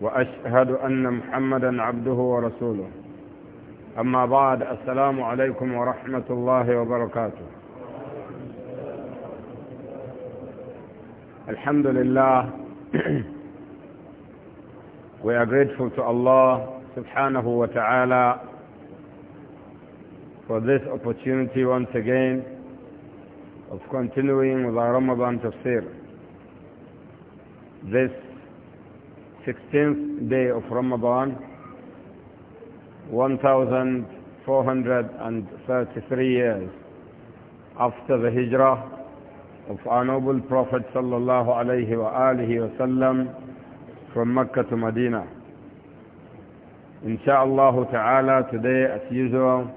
وأشهد أن محمدا عبده ورسوله أما بعد السلام عليكم ورحمة الله وبركاته الحمد لله We are grateful to Allah subhanahu wa ta'ala for this opportunity once again of continuing with our Ramadan tafsir. This 16th day of Ramadan 1433 years after the hijrah of our noble prophet sallallahu alaihi wasallam from Mecca to Medina inshallah ta'ala today as usual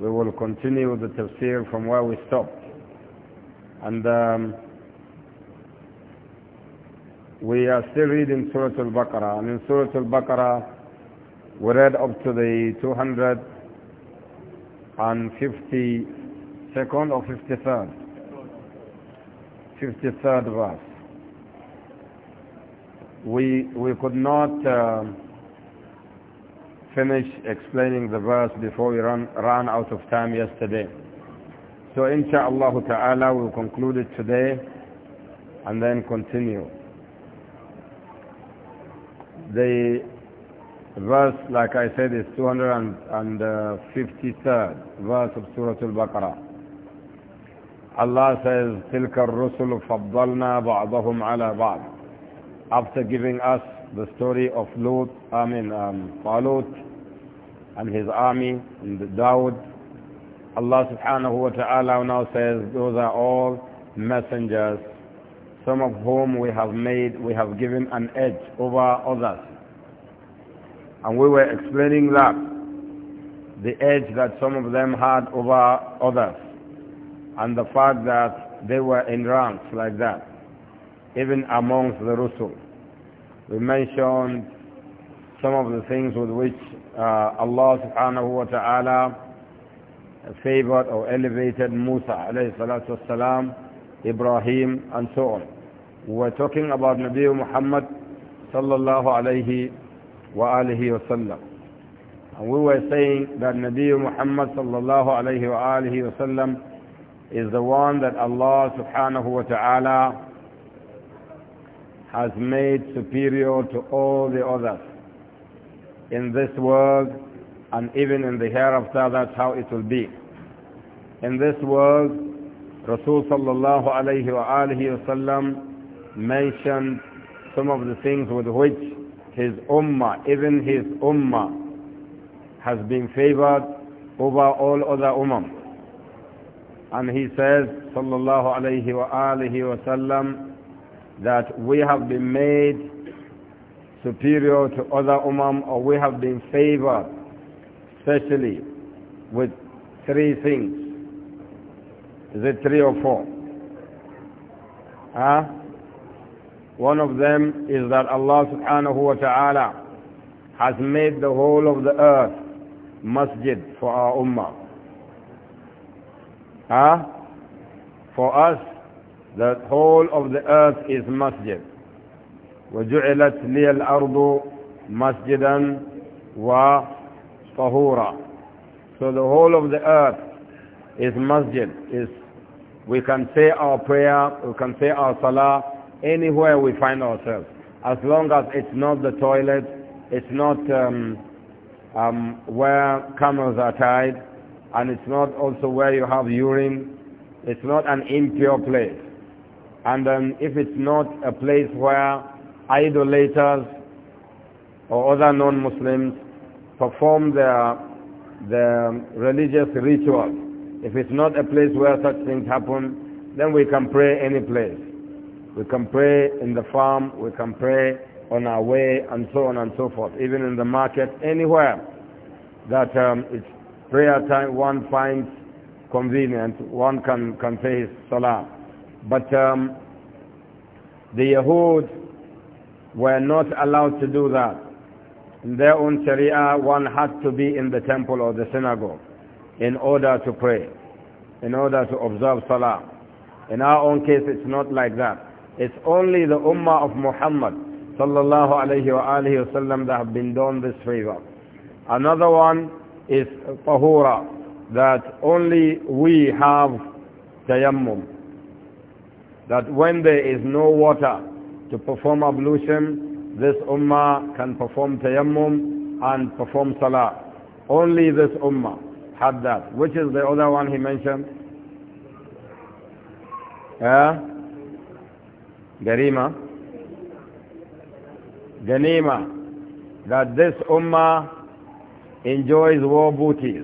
we will continue the tafsir from where we stopped and um, we are still reading Surah Al-Baqarah. And in Surah Al-Baqarah, we read up to the 252nd or 53rd? 53rd verse. We, we could not uh, finish explaining the verse before we ran, ran out of time yesterday. So inshallah ta'ala we'll conclude it today and then continue. The verse, like I said, is 253rd verse of Surah Al-Baqarah. Allah says, تِلْكَ الرُّسُلُ فَضَّلْنَا بَعْضَهُمْ عَلَى بَعْضٍ After giving us the story of Lut, I mean, um, Talut and his army, and Dawud, Allah subhanahu wa ta'ala now says, those are all messengers some of whom we have made, we have given an edge over others. And we were explaining that, the edge that some of them had over others, and the fact that they were in ranks like that, even amongst the Rusul. We mentioned some of the things with which uh, Allah subhanahu wa ta'ala favored or elevated Musa alayhi salatu Ibrahim and so on. We were talking about Nabi Muhammad sallallahu alayhi wa alihi wa sallam. And we were saying that Nabi Muhammad sallallahu alayhi wa alihi wa sallam is the one that Allah subhanahu wa ta'ala has made superior to all the others in this world and even in the hereafter that's how it will be in this world Rasul sallallahu alayhi wa alihi wa sallam mentioned some of the things with which his ummah, even his ummah, has been favored over all other ummah. And he says, sallallahu alayhi wa alihi wa sallam, that we have been made superior to other ummah, or we have been favored, especially with three things. Is it three or four? Huh? One of them is that Allah subhanahu wa ta'ala has made the whole of the earth masjid for our ummah. Huh? For us, the whole of the earth is masjid. وجعلت لي الأرض مسجدا وطهورا So the whole of the earth is masjid. Is, we can say our prayer, we can say our salah, anywhere we find ourselves. As long as it's not the toilet, it's not um, um, where camels are tied, and it's not also where you have urine. It's not an impure place. And um, if it's not a place where idolaters or other non-Muslims perform their, their religious rituals, if it's not a place where such things happen, then we can pray any place. We can pray in the farm, we can pray on our way, and so on and so forth. Even in the market, anywhere that um, it's prayer time, one finds convenient, one can, can say his salah. But um, the Yahud were not allowed to do that. In their own Sharia, one had to be in the temple or the synagogue in order to pray, in order to observe Salah. In our own case, it's not like that. It's only the ummah of Muhammad sallallahu alayhi wa alihi wasallam that have been done this favor. Another one is tahura, that only we have tayammum. That when there is no water to perform ablution, this ummah can perform tayammum and perform salah. Only this ummah had that. Which is the other one he mentioned? Yeah? Garima, Ganima, that this ummah enjoys war booty.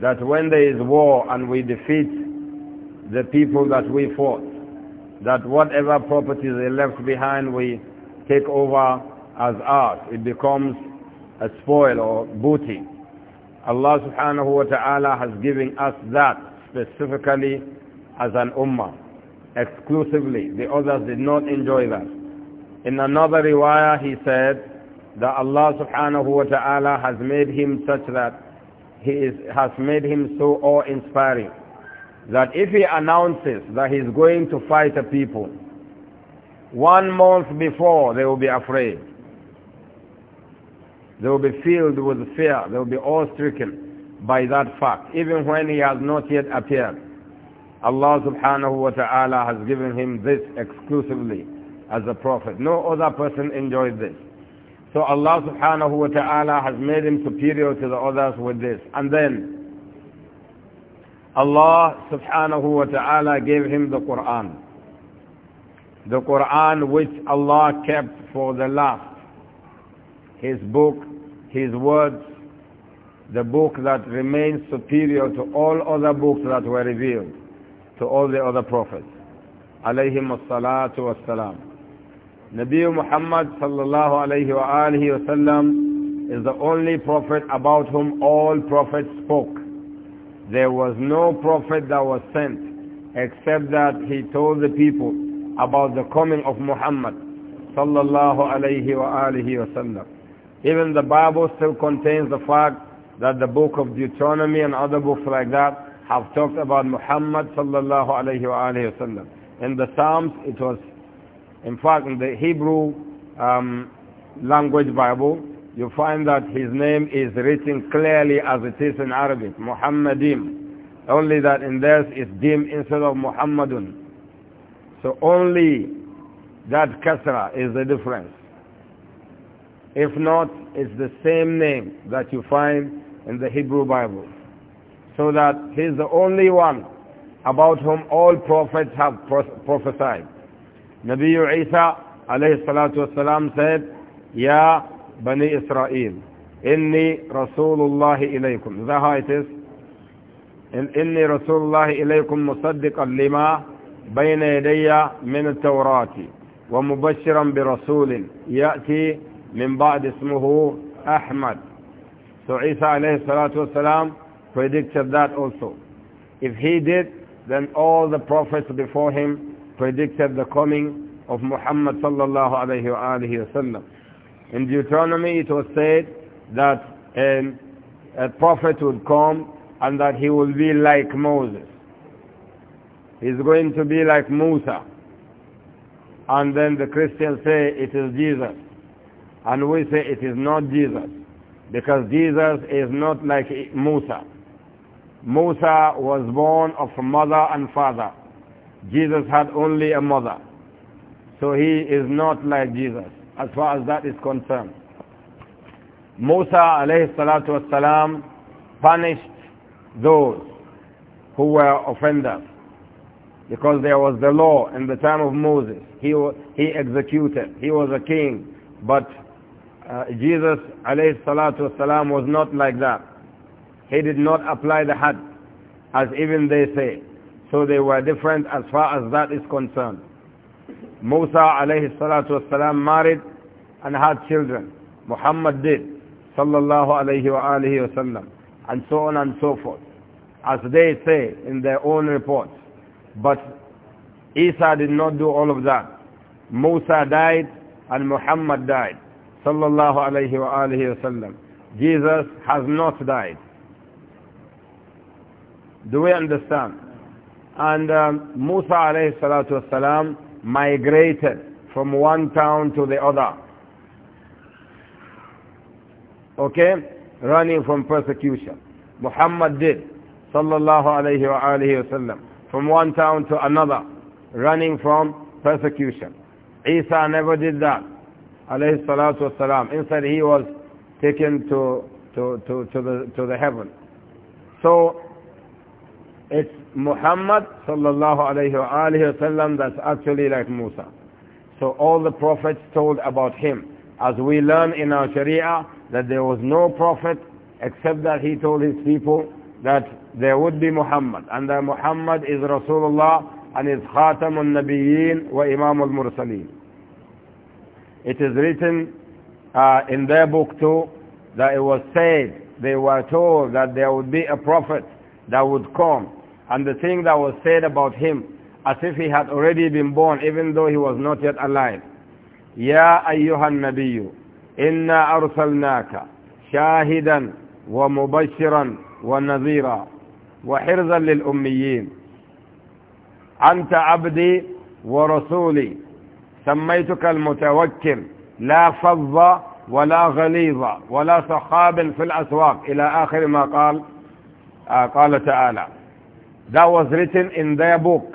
that when there is war and we defeat the people that we fought, that whatever properties they left behind we take over as ours. It becomes a spoil or booty. Allah subhanahu wa ta'ala has given us that specifically as an ummah exclusively. The others did not enjoy that. In another riwayah he said that Allah subhanahu wa ta'ala has made him such that he is, has made him so awe-inspiring that if he announces that he is going to fight a people, one month before they will be afraid. They will be filled with fear. They will be awe-stricken by that fact, even when he has not yet appeared. Allah subhanahu wa ta'ala has given him this exclusively as a prophet. No other person enjoys this. So Allah subhanahu wa ta'ala has made him superior to the others with this. And then Allah subhanahu wa ta'ala gave him the Quran. The Quran which Allah kept for the last. His book, his words, the book that remains superior to all other books that were revealed to all the other prophets. Alayhim as-salatu was-salam. Nabi Muhammad sallallahu alayhi wa alihi is the only prophet about whom all prophets spoke. There was no prophet that was sent except that he told the people about the coming of Muhammad sallallahu alayhi wa alihi Even the Bible still contains the fact that the book of Deuteronomy and other books like that have talked about Muhammad sallallahu alayhi wa sallam. In the Psalms, it was, in fact, in the Hebrew um, language Bible, you find that his name is written clearly as it is in Arabic, Muhammadim. Only that in theirs it's dim instead of Muhammadun. So only that kasra is the difference. If not, it's the same name that you find in the Hebrew Bible. so that he is the only one about whom all prophets have prophesied. Nabi Isa alayhi salatu wasalam said, Ya Bani Israel, Inni Rasulullahi ilaykum. Is that how it is? Inni Rasulullahi ilaykum musaddiqan lima bayna yadayya min al-Tawrati wa mubashiran bi rasulin ya'ti min ba'd ismuhu Ahmad. So Isa alayhi salatu wasalam predicted that also. If he did, then all the prophets before him predicted the coming of Muhammad sallallahu alayhi wa alihi wasallam. In Deuteronomy it was said that um, a prophet would come and that he will be like Moses. He's going to be like Musa. And then the Christians say it is Jesus. And we say it is not Jesus. Because Jesus is not like Musa. Musa was born of mother and father. Jesus had only a mother. So he is not like Jesus as far as that is concerned. Musa alayhi salatu wasalam punished those who were offenders because there was the law in the time of Moses. He, he executed. He was a king. But uh, Jesus alayhi salatu wasalam was not like that. He did not apply the had, as even they say. So they were different as far as that is concerned. Musa alayhi salatu wasalam married and had children. Muhammad did, sallallahu alayhi wa alihi wasallam, and so on and so forth, as they say in their own reports. But Isa did not do all of that. Musa died and Muhammad died, sallallahu alayhi wa alihi wasallam. Jesus has not died. Do we understand? And um, Musa alayhi salatu wasalam migrated from one town to the other. Okay? Running from persecution. Muhammad did. Sallallahu alayhi wa wasallam. From one town to another. Running from persecution. Isa never did that. Alayhi salatu wasalam. Instead he was taken to, to, to, to, the, to the heaven. So it's Muhammad sallallahu alayhi wa sallam that's actually like Musa. So all the prophets told about him. As we learn in our Sharia that there was no prophet except that he told his people that there would be Muhammad and that Muhammad is Rasulullah and is Khatamun Nabiyyin wa Imam al-Mursaleen. It is written uh, in their book too that it was said, they were told that there would be a prophet that would come and the thing that was said about him as if he had already been born even though he was not yet alive ya ayyuhan nabiyyu inna arsalnaka shahidan wa mubashiran wa nazira wa hirzan lil ummiyin anta abdi wa rasuli سميتك المتوكل لا فضة ولا wala ولا صخاب في الأسواق ila آخر ma uh, qala قال That was written in their book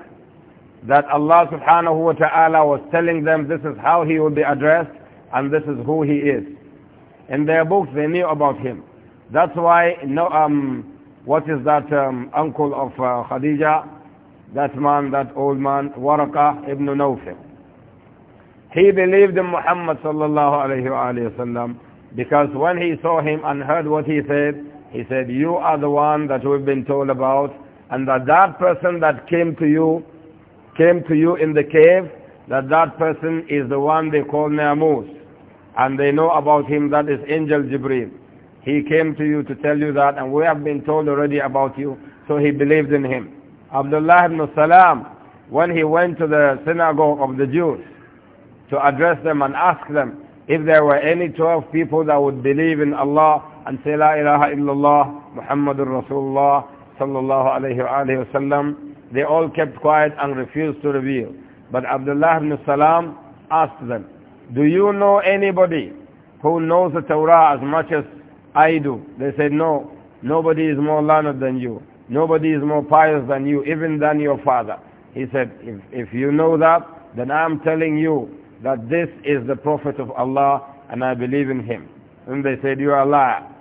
that Allah subhanahu wa ta'ala was telling them this is how he will be addressed and this is who he is. In their books they knew about him. That's why, no, um, what is that um, uncle of uh, Khadija? That man, that old man, Waraka ibn Nawfil. He believed in Muhammad sallallahu alayhi wa sallam because when he saw him and heard what he said, he said, you are the one that we've been told about and that that person that came to you, came to you in the cave, that that person is the one they call Namus. And they know about him, that is Angel Jibreel. He came to you to tell you that, and we have been told already about you, so he believed in him. Abdullah ibn Salam, when he went to the synagogue of the Jews to address them and ask them if there were any 12 people that would believe in Allah and say La ilaha illallah Muhammadur Rasulullah sallallahu alayhi they all kept quiet and refused to reveal. But Abdullah ibn Salam asked them, do you know anybody who knows the Torah as much as I do? They said, no, nobody is more learned than you. Nobody is more pious than you, even than your father. He said, if, if you know that, then I am telling you that this is the Prophet of Allah and I believe in him. And they said, you are a liar.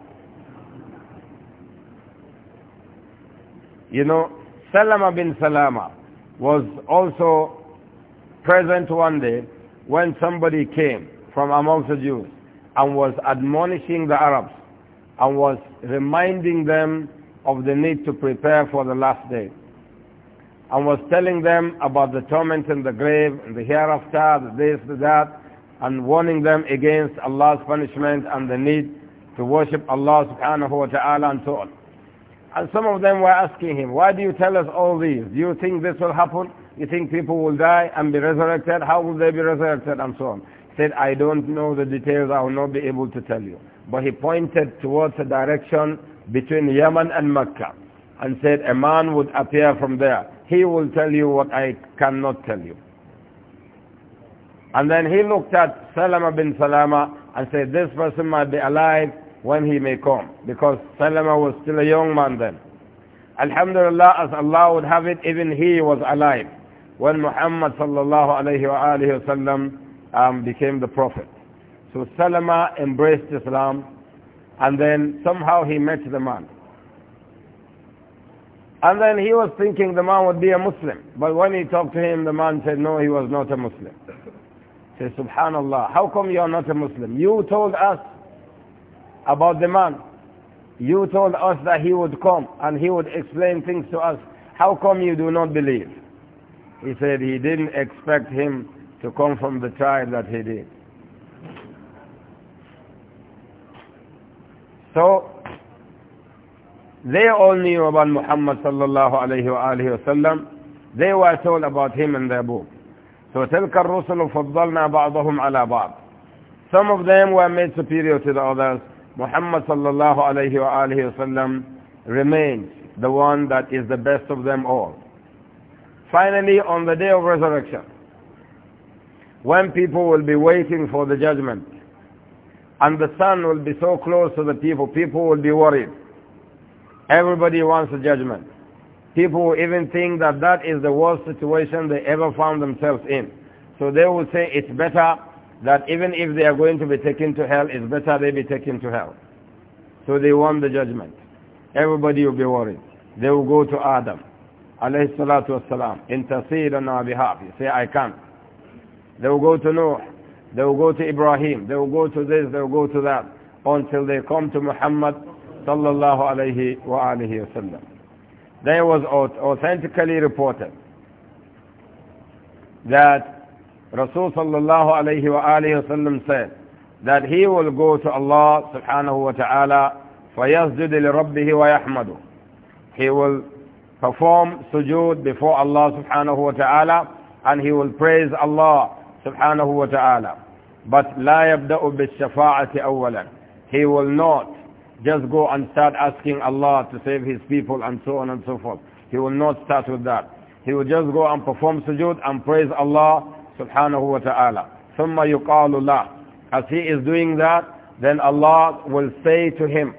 You know, Salama bin Salama was also present one day when somebody came from amongst the Jews and was admonishing the Arabs and was reminding them of the need to prepare for the last day and was telling them about the torment in the grave and the hereafter, the this, the that, and warning them against Allah's punishment and the need to worship Allah subhanahu wa ta'ala and so on. And some of them were asking him, why do you tell us all these? Do you think this will happen? You think people will die and be resurrected? How will they be resurrected? And so on. He said, I don't know the details. I will not be able to tell you. But he pointed towards a direction between Yemen and Mecca and said, a man would appear from there. He will tell you what I cannot tell you. And then he looked at Salama bin Salama and said, this person might be alive when he may come because Salama was still a young man then. Alhamdulillah, as Allah would have it, even he was alive when Muhammad sallallahu alayhi wa alayhi wasallam um, became the prophet. So Salama embraced Islam and then somehow he met the man. And then he was thinking the man would be a Muslim. But when he talked to him, the man said, no, he was not a Muslim. He said, subhanallah, how come you are not a Muslim? You told us about the man. You told us that he would come and he would explain things to us. How come you do not believe? He said he didn't expect him to come from the tribe that he did. So, they all knew about Muhammad sallallahu alayhi wa alayhi wa sallam. They were told about him in their book. So, تِلْكَ الرُّسُلُ فَضَّلْنَا بَعْضَهُمْ عَلَى بَعْضٍ Some of them were made superior to the others Muhammad sallallahu alayhi wa wa sallam remains the one that is the best of them all. Finally, on the day of resurrection, when people will be waiting for the judgment, and the sun will be so close to the people, people will be worried. Everybody wants a judgment. People even think that that is the worst situation they ever found themselves in. So they will say it's better that even if they are going to be taken to hell, it's better they be taken to hell. So they want the judgment. Everybody will be worried. They will go to Adam, alayhi salatu wasalam, intercede on our behalf. You say, I can't. They will go to Noah. They will go to Ibrahim. They will go to this. They will go to that. Until they come to Muhammad sallallahu alayhi wa alihi wasallam. There was authentically reported that Rasul sallallahu alayhi wa alayhi wa said that he will go to Allah subhanahu wa ta'ala فَيَسْجُدِ لِرَبِّهِ وَيَحْمَدُ He will perform sujood before Allah subhanahu wa ta'ala and he will praise Allah subhanahu wa ta'ala. But لا يبدأ بالشفاعة أولا. He will not just go and start asking Allah to save his people and so on and so forth. He will not start with that. He will just go and perform sujood and praise Allah subhanahu wa ta'ala. Summa yuqalu Allah. As he is doing that, then Allah will say to him,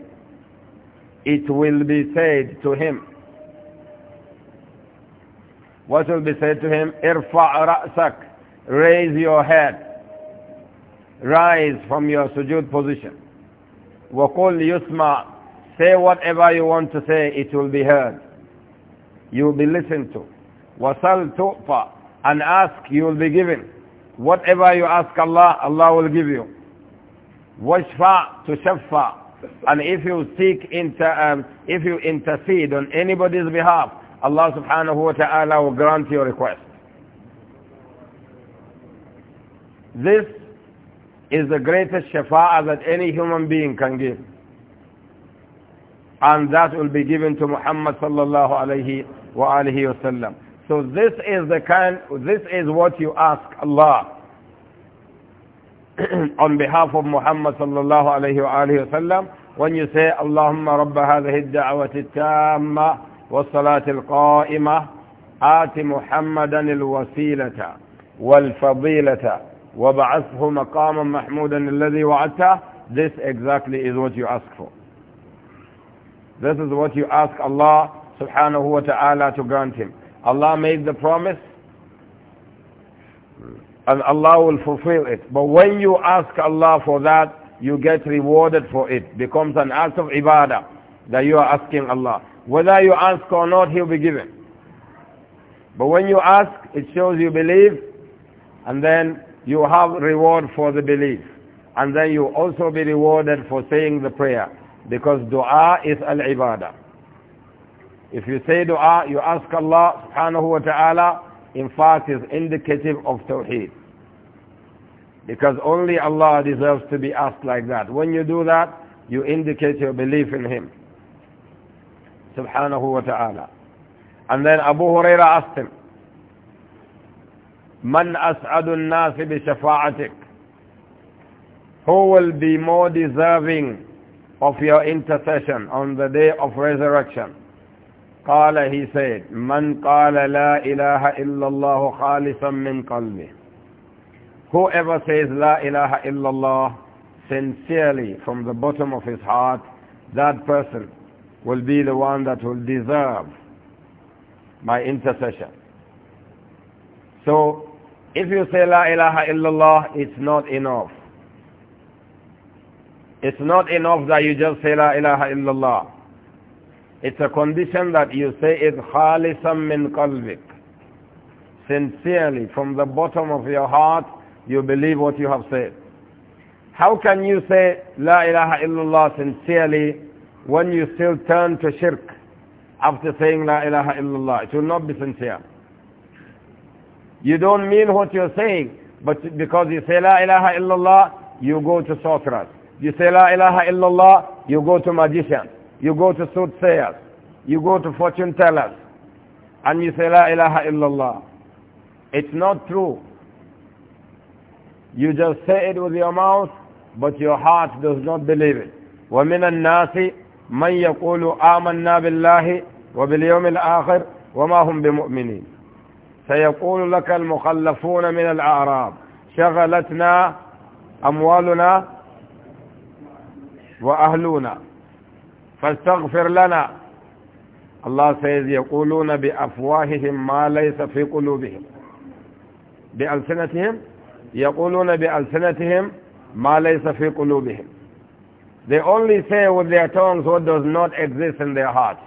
it will be said to him. What will be said to him? Irfa' ra'sak. Raise your head. Rise from your sujood position. وَقُلْ yusma. Say whatever you want to say, it will be heard. You will be listened to. Wasal tufa and ask, you will be given. Whatever you ask Allah, Allah will give you. Washfa to shafa. And if you seek, inter, um, if you intercede on anybody's behalf, Allah subhanahu wa ta'ala will grant your request. This is the greatest shafa'ah that any human being can give. And that will be given to Muhammad sallallahu alayhi wa alihi wa sallam. So this is the kind, this is what you ask Allah on behalf of Muhammad sallallahu alayhi wa alayhi wa sallam when you say Allahumma rabba hadhihi ad-da'wati at-tamma was-salati al-qa'imah آت محمدا الوسيلة والفضيلة وبعثه مقاما محمودا الذي وعدته This exactly is what you ask for. This is what you ask Allah subhanahu wa ta'ala to grant him. Allah made the promise and Allah will fulfill it. But when you ask Allah for that, you get rewarded for it. becomes an act of ibadah that you are asking Allah. Whether you ask or not, He'll be given. But when you ask, it shows you believe, and then you have reward for the belief. And then you also be rewarded for saying the prayer, because dua is al-ibadah. If you say dua, you ask Allah subhanahu wa ta'ala, in fact is indicative of tawheed. Because only Allah deserves to be asked like that. When you do that, you indicate your belief in Him. Subhanahu wa ta'ala. And then Abu Huraira asked him, Man as'adun nasi bi shafa'atik. Who will be more deserving of your intercession on the day of resurrection? قال he said من قال لا إله إلا الله خالصا من قلبه whoever says لا إله إلا الله sincerely from the bottom of his heart that person will be the one that will deserve my intercession so if you say la ilaha illallah it's not enough it's not enough that you just say la ilaha illallah it's a condition that you say is khalisam min qalbik. Sincerely, from the bottom of your heart, you believe what you have said. How can you say La ilaha illallah sincerely when you still turn to shirk after saying La ilaha illallah? It will not be sincere. You don't mean what you're saying, but because you say La ilaha illallah, you go to sorcerers. You say La ilaha illallah, you go to magicians. You go to soothsayers. You go to fortune tellers. And you say, La ilaha illallah. It's not true. You just say it with your mouth, but your heart does not believe it. وَمِنَ النَّاسِ مَنْ يَقُولُ آمَنَّا بِاللَّهِ وَبِالْيَوْمِ الْآخِرِ وما هم بمؤمنين سيقول لك المخلفون من الأعراب شغلتنا أموالنا وأهلنا فاستغفر لنا Allah says يقولون بأفواههم ما ليس في قلوبهم بألسنتهم يقولون بألسنتهم ما ليس في قلوبهم They only say with their tongues what does not exist in their hearts.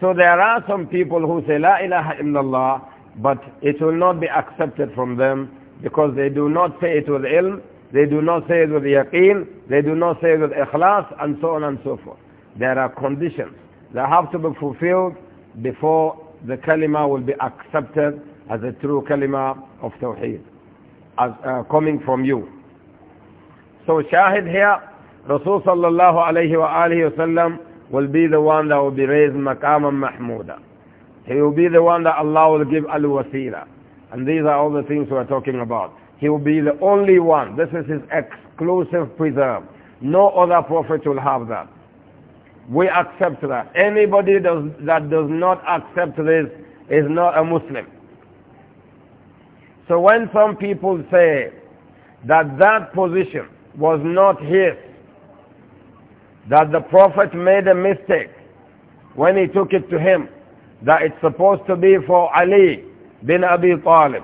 So there are some people who say La ilaha illallah but it will not be accepted from them because they do not say it with ilm they do not say it with yaqeen. They do not say it with ikhlas and so on and so forth. There are conditions that have to be fulfilled before the kalima will be accepted as a true kalima of tawheed as uh, coming from you. So shahid here, Rasul sallallahu alayhi wa will be the one that will be raised maqaman mahmuda. He will be the one that Allah will give al-wasira. And these are all the things we are talking about. He will be the only one. This is his exclusive preserve. No other prophet will have that. We accept that. Anybody does, that does not accept this is not a Muslim. So when some people say that that position was not his, that the Prophet made a mistake when he took it to him, that it's supposed to be for Ali bin Abi Talib,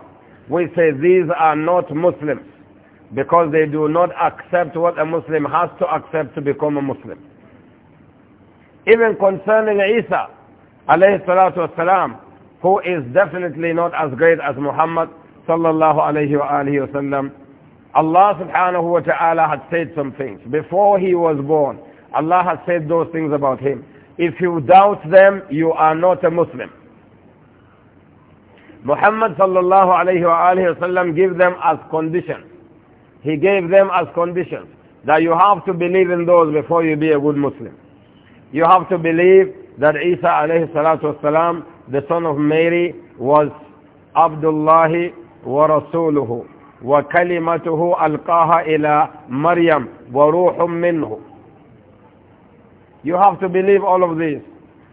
we say these are not Muslims because they do not accept what a Muslim has to accept to become a Muslim. Even concerning Isa, alayhi salatu wasalam, who is definitely not as great as Muhammad sallallahu alayhi wa alihi wasallam, Allah subhanahu wa ta'ala had said some things. Before he was born, Allah had said those things about him. If you doubt them, you are not a Muslim. Muhammad sallallahu alayhi wa alayhi wasallam gave them as conditions. He gave them as conditions that you have to believe in those before you be a good Muslim. You have to believe that Isa alayhi salatu wasalam, the son of Mary, was Abdullah wa Rasuluhu wa kalimatuhu alqaha ila Maryam wa ruhum minhu. You have to believe all of this.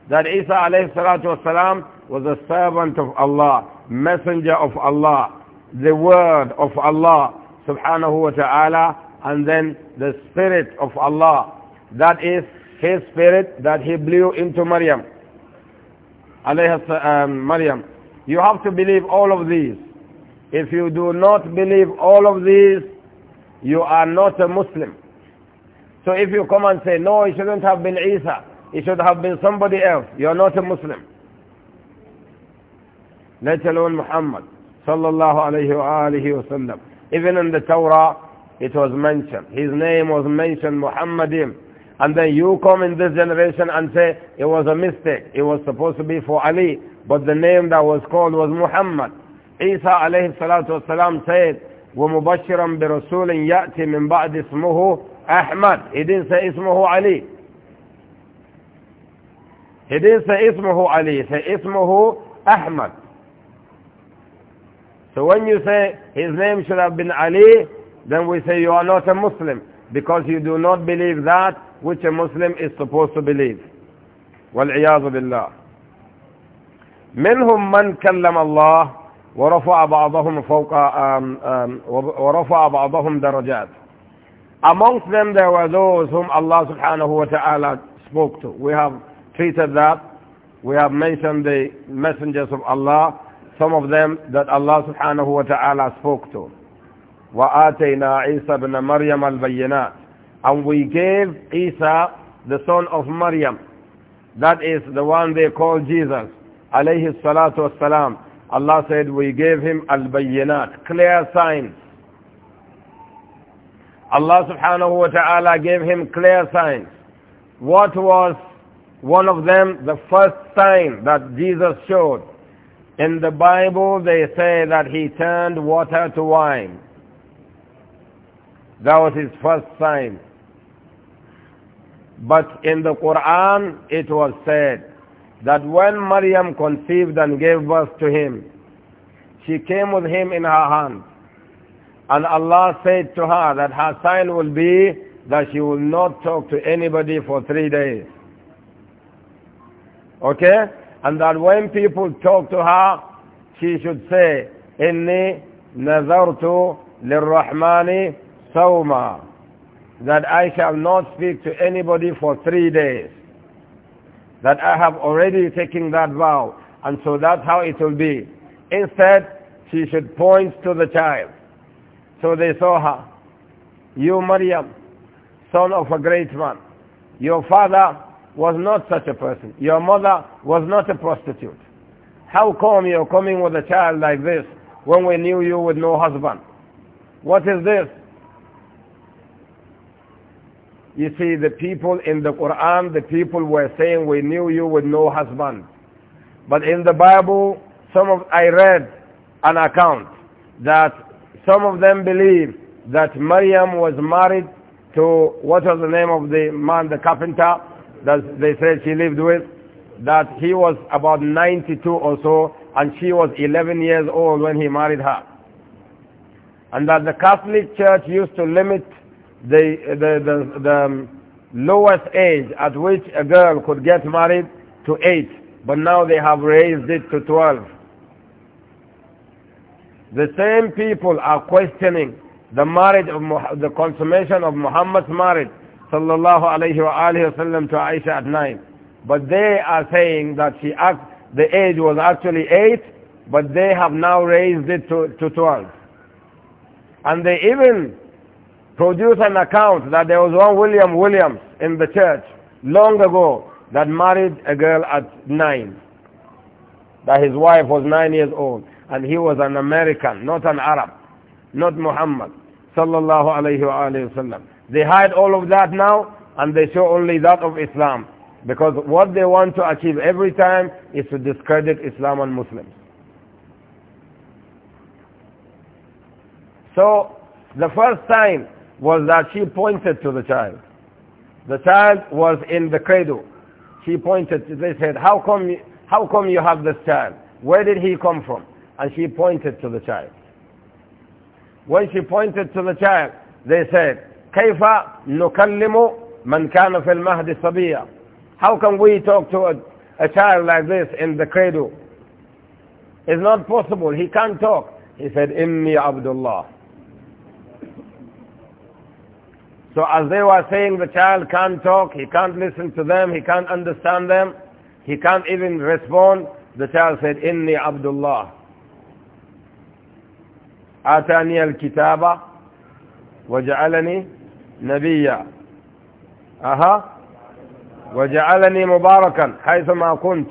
That Isa alayhi salatu wasalam was a servant of Allah messenger of Allah, the word of Allah subhanahu wa ta'ala, and then the spirit of Allah. That is his spirit that he blew into Maryam. Um, Maryam. You have to believe all of these. If you do not believe all of these, you are not a Muslim. So if you come and say, no, it shouldn't have been Isa, it should have been somebody else, you are not a Muslim. نتلو Muhammad صلى الله عليه وآله وسلم Even in the Torah, it was mentioned. His name was mentioned, Muhammadim. And then you come in this generation and say, it was a mistake. It was supposed to be for Ali, but the name that was called was Muhammad. Isa alayhi salatu wasalam said, ومبشرا برسول يأتي من بعد اسمه أحمد he didn't say اسمه علي he didn't say اسمه علي he said اسمه أحمد So when you say his name should have been Ali, then we say you are not a Muslim because you do not believe that which a Muslim is supposed to believe. والعياذ بالله. منهم من كلم الله ورفع بعضهم فوق ورفع بعضهم درجات. Amongst them there were those whom Allah subhanahu wa ta'ala spoke to. We have treated that. We have mentioned the messengers of Allah some of them that Allah subhanahu wa ta'ala spoke to. وَآتَيْنَا عِيسَى بْنَ مَرْيَمَ الْبَيِّنَاتِ And we gave Isa, the son of Maryam, that is the one they call Jesus, alayhi salatu wasalam. Allah said, we gave him al-bayyinat, clear signs. Allah subhanahu wa ta'ala gave him clear signs. What was one of them? The first sign that Jesus showed in the Bible they say that he turned water to wine. That was his first sign. But in the Quran it was said that when Maryam conceived and gave birth to him, she came with him in her hand. And Allah said to her that her sign will be that she will not talk to anybody for three days. Okay? And that when people talk to her, she should say, إِنِّي nazartu لِلرَّحْمَنِ صَوْمًا That I shall not speak to anybody for three days. That I have already taken that vow. And so that's how it will be. Instead, she should point to the child. So they saw her. You, Maryam, son of a great man. Your father was not such a person. Your mother was not a prostitute. How come you're coming with a child like this when we knew you with no husband? What is this? You see, the people in the Quran, the people were saying, we knew you with no husband. But in the Bible, some of, I read an account that some of them believe that Maryam was married to, what was the name of the man, the carpenter? that they said she lived with, that he was about 92 or so, and she was 11 years old when he married her. And that the Catholic Church used to limit the, the, the, the um, lowest age at which a girl could get married to 8, but now they have raised it to 12. The same people are questioning the marriage of the consummation of Muhammad's marriage sallallahu alayhi wa sallam to Aisha at 9. But they are saying that she act, the age was actually 8, but they have now raised it to, to 12. And they even produce an account that there was one William Williams in the church long ago that married a girl at 9. That his wife was 9 years old. And he was an American, not an Arab, not Muhammad sallallahu alayhi wa sallam. They hide all of that now and they show only that of Islam. Because what they want to achieve every time is to discredit Islam and Muslims. So the first time was that she pointed to the child. The child was in the cradle. She pointed to, they said, how come, how come you have this child? Where did he come from? And she pointed to the child. When she pointed to the child, they said, كيف نكلم من كان في المهد صبيا How can we talk to a, a child like this in the cradle? It's not possible. He can't talk. He said, Inni Abdullah. So as they were saying the child can't talk, he can't listen to them, he can't understand them, he can't even respond, the child said, Inni Abdullah. Atani al-kitaba waj'alani نبيا أها وجعلني مباركا حيثما كنت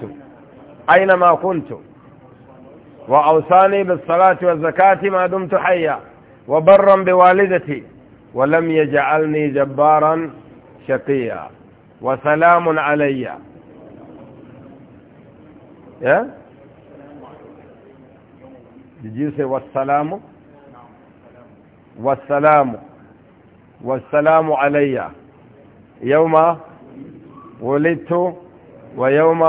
أينما كنت وأوصاني بالصلاة والزكاة ما دمت حيا وبرا بوالدتي ولم يجعلني جبارا شقيا وسلام علي يا إيه؟ Did you say والسلام والسلام والسلام علي يوم ولدت ويوم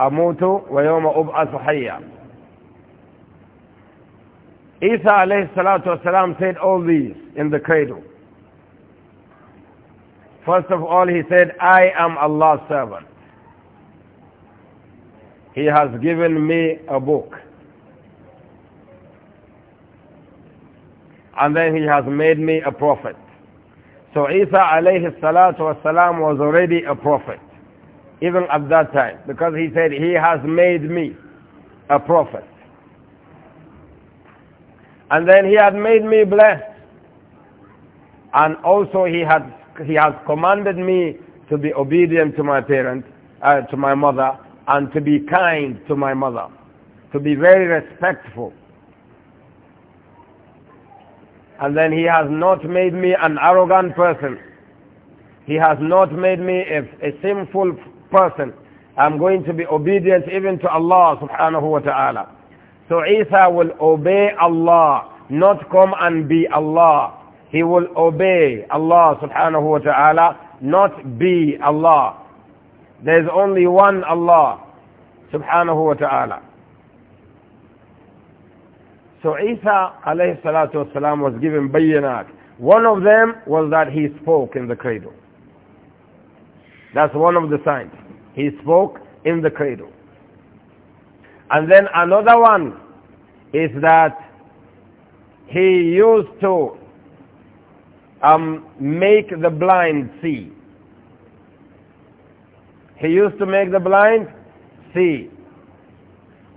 أموت ويوم أبعث حيا Isa alayhi salatu wasalam said all these in the cradle. First of all, he said, I am Allah's servant. He has given me a book. and then he has made me a prophet. So Isa alayhi salatu wasalam was already a prophet, even at that time, because he said, he has made me a prophet. And then he had made me blessed. And also he had, he has commanded me to be obedient to my parents, uh, to my mother, and to be kind to my mother, to be very respectful and then he has not made me an arrogant person. He has not made me a, a sinful person. I'm going to be obedient even to Allah subhanahu wa ta'ala. So Isa will obey Allah, not come and be Allah. He will obey Allah subhanahu wa ta'ala, not be Allah. There is only one Allah subhanahu wa ta'ala. So Isa alayhi salatu wasalam was given bayyanat. One of them was that he spoke in the cradle. That's one of the signs. He spoke in the cradle. And then another one is that he used to um, make the blind see. He used to make the blind see.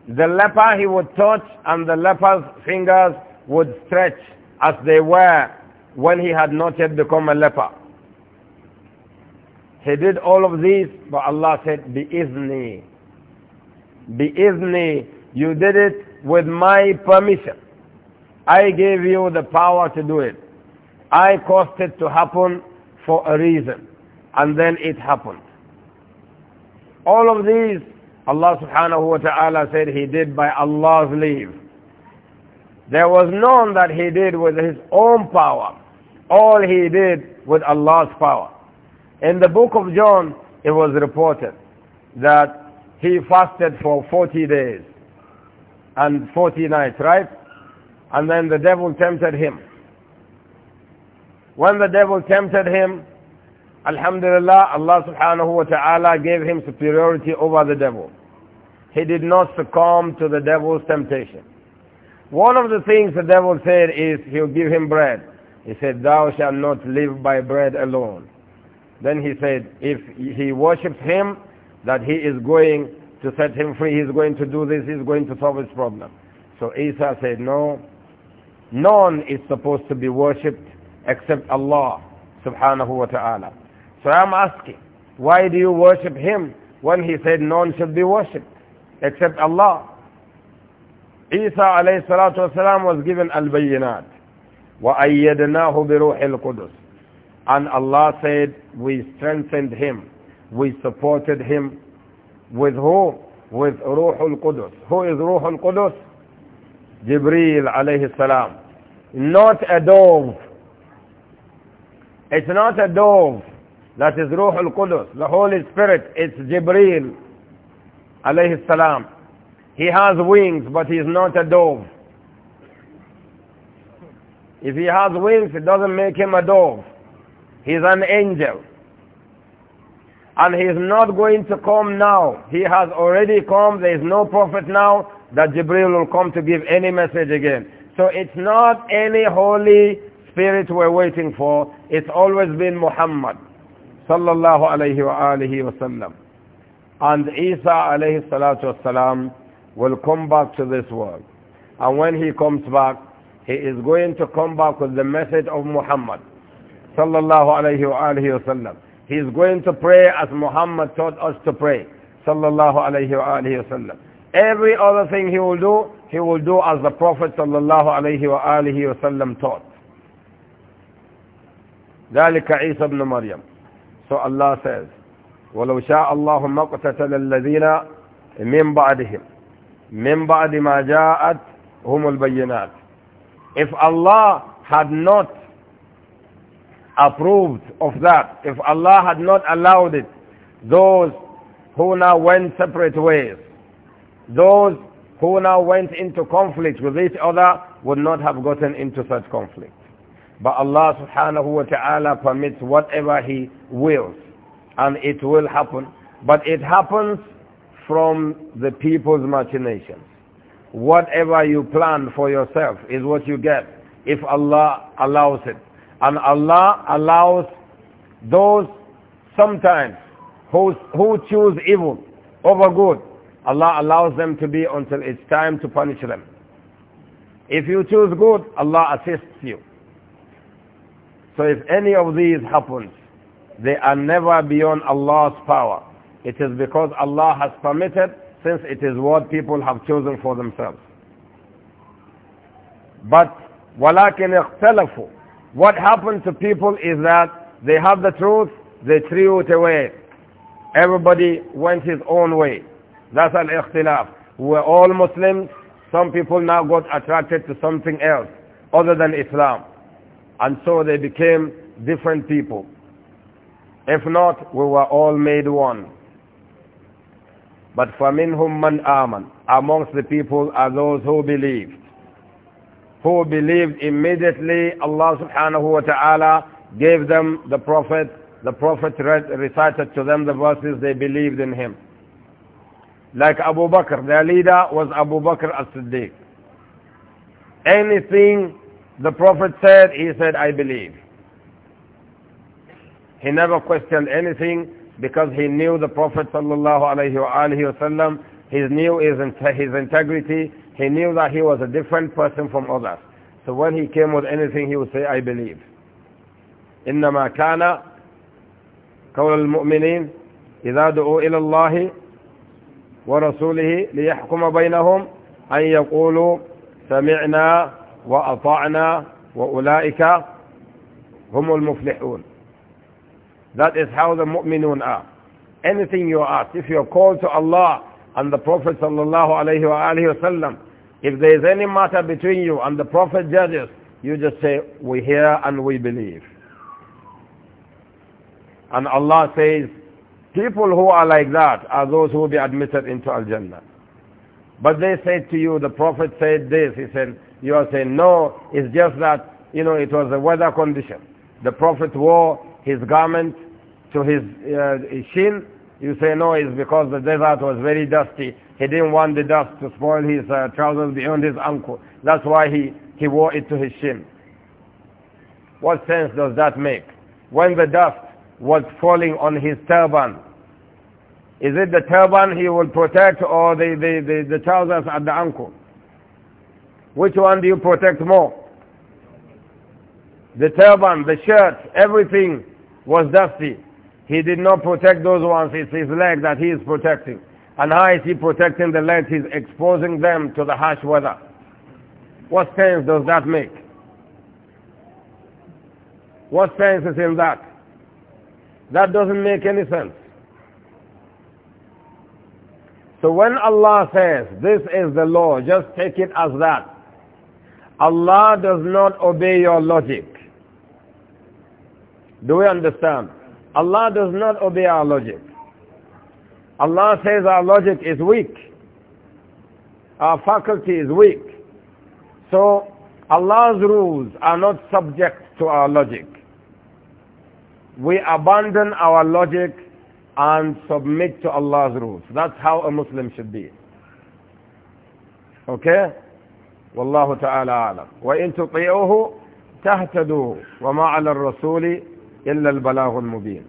The leper he would touch and the leper's fingers would stretch as they were when he had not yet become a leper. He did all of these, but Allah said, Bi-izni. Bi-izni, you did it with my permission. I gave you the power to do it. I caused it to happen for a reason. And then it happened. All of these Allah subhanahu wa ta'ala said he did by Allah's leave. There was none that he did with his own power. All he did with Allah's power. In the book of John, it was reported that he fasted for 40 days and 40 nights, right? And then the devil tempted him. When the devil tempted him, Alhamdulillah, Allah subhanahu wa ta'ala gave him superiority over the devil. He did not succumb to the devil's temptation. One of the things the devil said is he'll give him bread. He said, thou shalt not live by bread alone. Then he said, if he worships him, that he is going to set him free, he's going to do this, he's going to solve his problem. So Isa said, no, none is supposed to be worshipped except Allah subhanahu wa ta'ala. So I'm asking, why do you worship him when he said none should be worshipped except Allah? Isa alayhi salatu wasalam was given al-bayyinat. وَأَيَّدْنَاهُ بِرُوحِ الْقُدُسِ And Allah said, we strengthened him, we supported him. With who? With al Qudus. Who is Ruhul Qudus? Jibreel alayhi salam. Not a dove. It's not a dove that is Ruh al-Qudus, the Holy Spirit. It's Jibreel, alayhi salam. He has wings, but he's not a dove. If he has wings, it doesn't make him a dove. He's an angel. And he's not going to come now. He has already come. There is no prophet now that Jibreel will come to give any message again. So it's not any Holy Spirit we're waiting for. It's always been Muhammad sallallahu alayhi wa alihi And Isa alayhi salatu wasalam will come back to this world. And when he comes back, he is going to come back with the message of Muhammad sallallahu alayhi wa alihi He is going to pray as Muhammad taught us to pray sallallahu alayhi wa alihi Every other thing he will do, he will do as the Prophet sallallahu alayhi wa alihi taught. ذلك عيسى ابن مريم so Allah says, وَلَوْ شَاءَ اللَّهُ مَقْتَتَلَ الَّذِينَ مِنْ بَعْدِهِمْ مِنْ بَعْدِ مَا جَاءَتْ هُمُ الْبَيِّنَاتِ If Allah had not approved of that, if Allah had not allowed it, those who now went separate ways, those who now went into conflict with each other would not have gotten into such conflict. But Allah subhanahu wa ta'ala permits whatever He wills and it will happen. But it happens from the people's machinations. Whatever you plan for yourself is what you get if Allah allows it. And Allah allows those sometimes who, who choose evil over good. Allah allows them to be until it's time to punish them. If you choose good, Allah assists you. So if any of these happens, they are never beyond Allah's power. It is because Allah has permitted since it is what people have chosen for themselves. But وَلَكِنْ اخْتَلَفُوا What happened to people is that they have the truth, they threw it away. Everybody went his own way. That's al-ikhtilaf. We're all Muslims. Some people now got attracted to something else other than Islam. And so they became different people. If not, we were all made one. But فَمِنْهُمْ مَنْ aman. Amongst the people are those who believed. Who believed immediately Allah subhanahu wa ta'ala gave them the Prophet. The Prophet read, recited to them the verses they believed in him. Like Abu Bakr, their leader was Abu Bakr as-Siddiq. Anything the Prophet said, he said, I believe. He never questioned anything because he knew the Prophet sallallahu alaihi wasallam. He knew his, his integrity. He knew that he was a different person from others. So when he came with anything, he would say, I believe. إنما كان قول المؤمنين إذا دعوا إلى الله ورسوله ليحكم بينهم أن يقولوا سمعنا وأطعنا وأولئك هم المفلحون That is how the mu'minun are. Anything you ask, if you're called to Allah and the Prophet sallallahu alayhi wa alayhi wasallam, if there is any matter between you and the Prophet judges, you just say, we hear and we believe. And Allah says, people who are like that are those who will be admitted into Al-Jannah. But they said to you, the Prophet said this, he said, you are saying, no, it's just that, you know, it was a weather condition. The Prophet wore his garment to his, uh, his shin. You say, no, it's because the desert was very dusty. He didn't want the dust to spoil his uh, trousers beyond his ankle. That's why he, he wore it to his shin. What sense does that make? When the dust was falling on his turban, is it the turban he will protect or the, the, the, the trousers at the ankle? Which one do you protect more? The turban, the shirt, everything was dusty. He did not protect those ones. It's his leg that he is protecting. And how is he protecting the legs? He's exposing them to the harsh weather. What sense does that make? What sense is in that? That doesn't make any sense. So when Allah says, this is the law, just take it as that. Allah does not obey your logic. Do we understand? Allah does not obey our logic. Allah says our logic is weak. Our faculty is weak. So Allah's rules are not subject to our logic. We abandon our logic and submit to Allah's rules. That's how a Muslim should be. Okay? والله تعالى أعلم وإن تطيعوه تهتدوا وما على الرسول إلا البلاغ المبين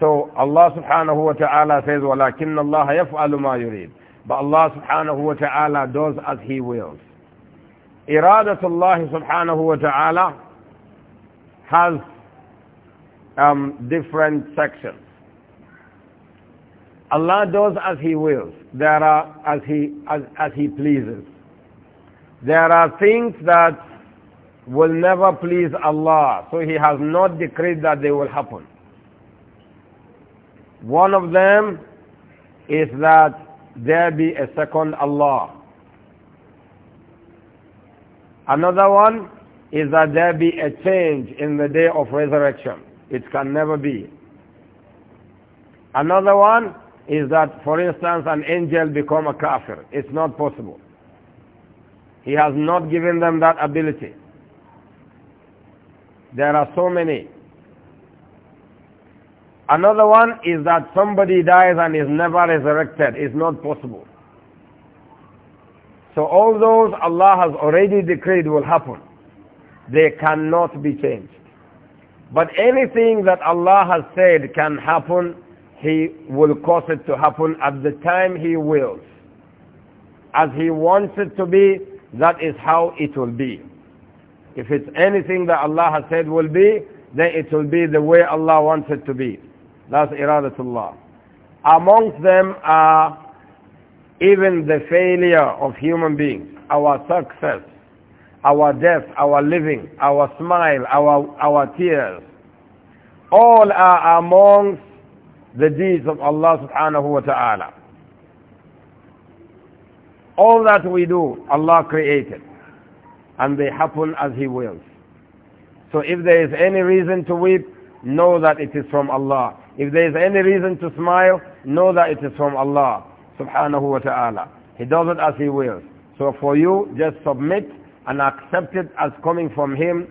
So Allah subhanahu wa ta'ala says, وَلَكِنَّ اللَّهَ يَفْعَلُ مَا يُرِيدُ But Allah subhanahu wa ta'ala does as He wills. إرادة الله subhanahu wa ta'ala has um, different sections. Allah does as He wills. There are as He, as, as He pleases. There are things that will never please Allah, so He has not decreed that they will happen. One of them is that there be a second Allah. Another one is that there be a change in the day of resurrection. It can never be. Another one is that, for instance, an angel become a kafir. It's not possible. He has not given them that ability. There are so many. Another one is that somebody dies and is never resurrected. It's not possible. So all those Allah has already decreed will happen. They cannot be changed. But anything that Allah has said can happen, He will cause it to happen at the time He wills. As He wants it to be, that is how it will be. If it's anything that Allah has said will be, then it will be the way Allah wants it to be. That's iradatullah. Amongst them are even the failure of human beings, our success, our death, our living, our smile, our, our tears. All are amongst the deeds of Allah subhanahu wa ta'ala. All that we do, Allah created. And they happen as He wills. So if there is any reason to weep, know that it is from Allah. If there is any reason to smile, know that it is from Allah subhanahu wa ta'ala. He does it as He wills. So for you, just submit and accept it as coming from Him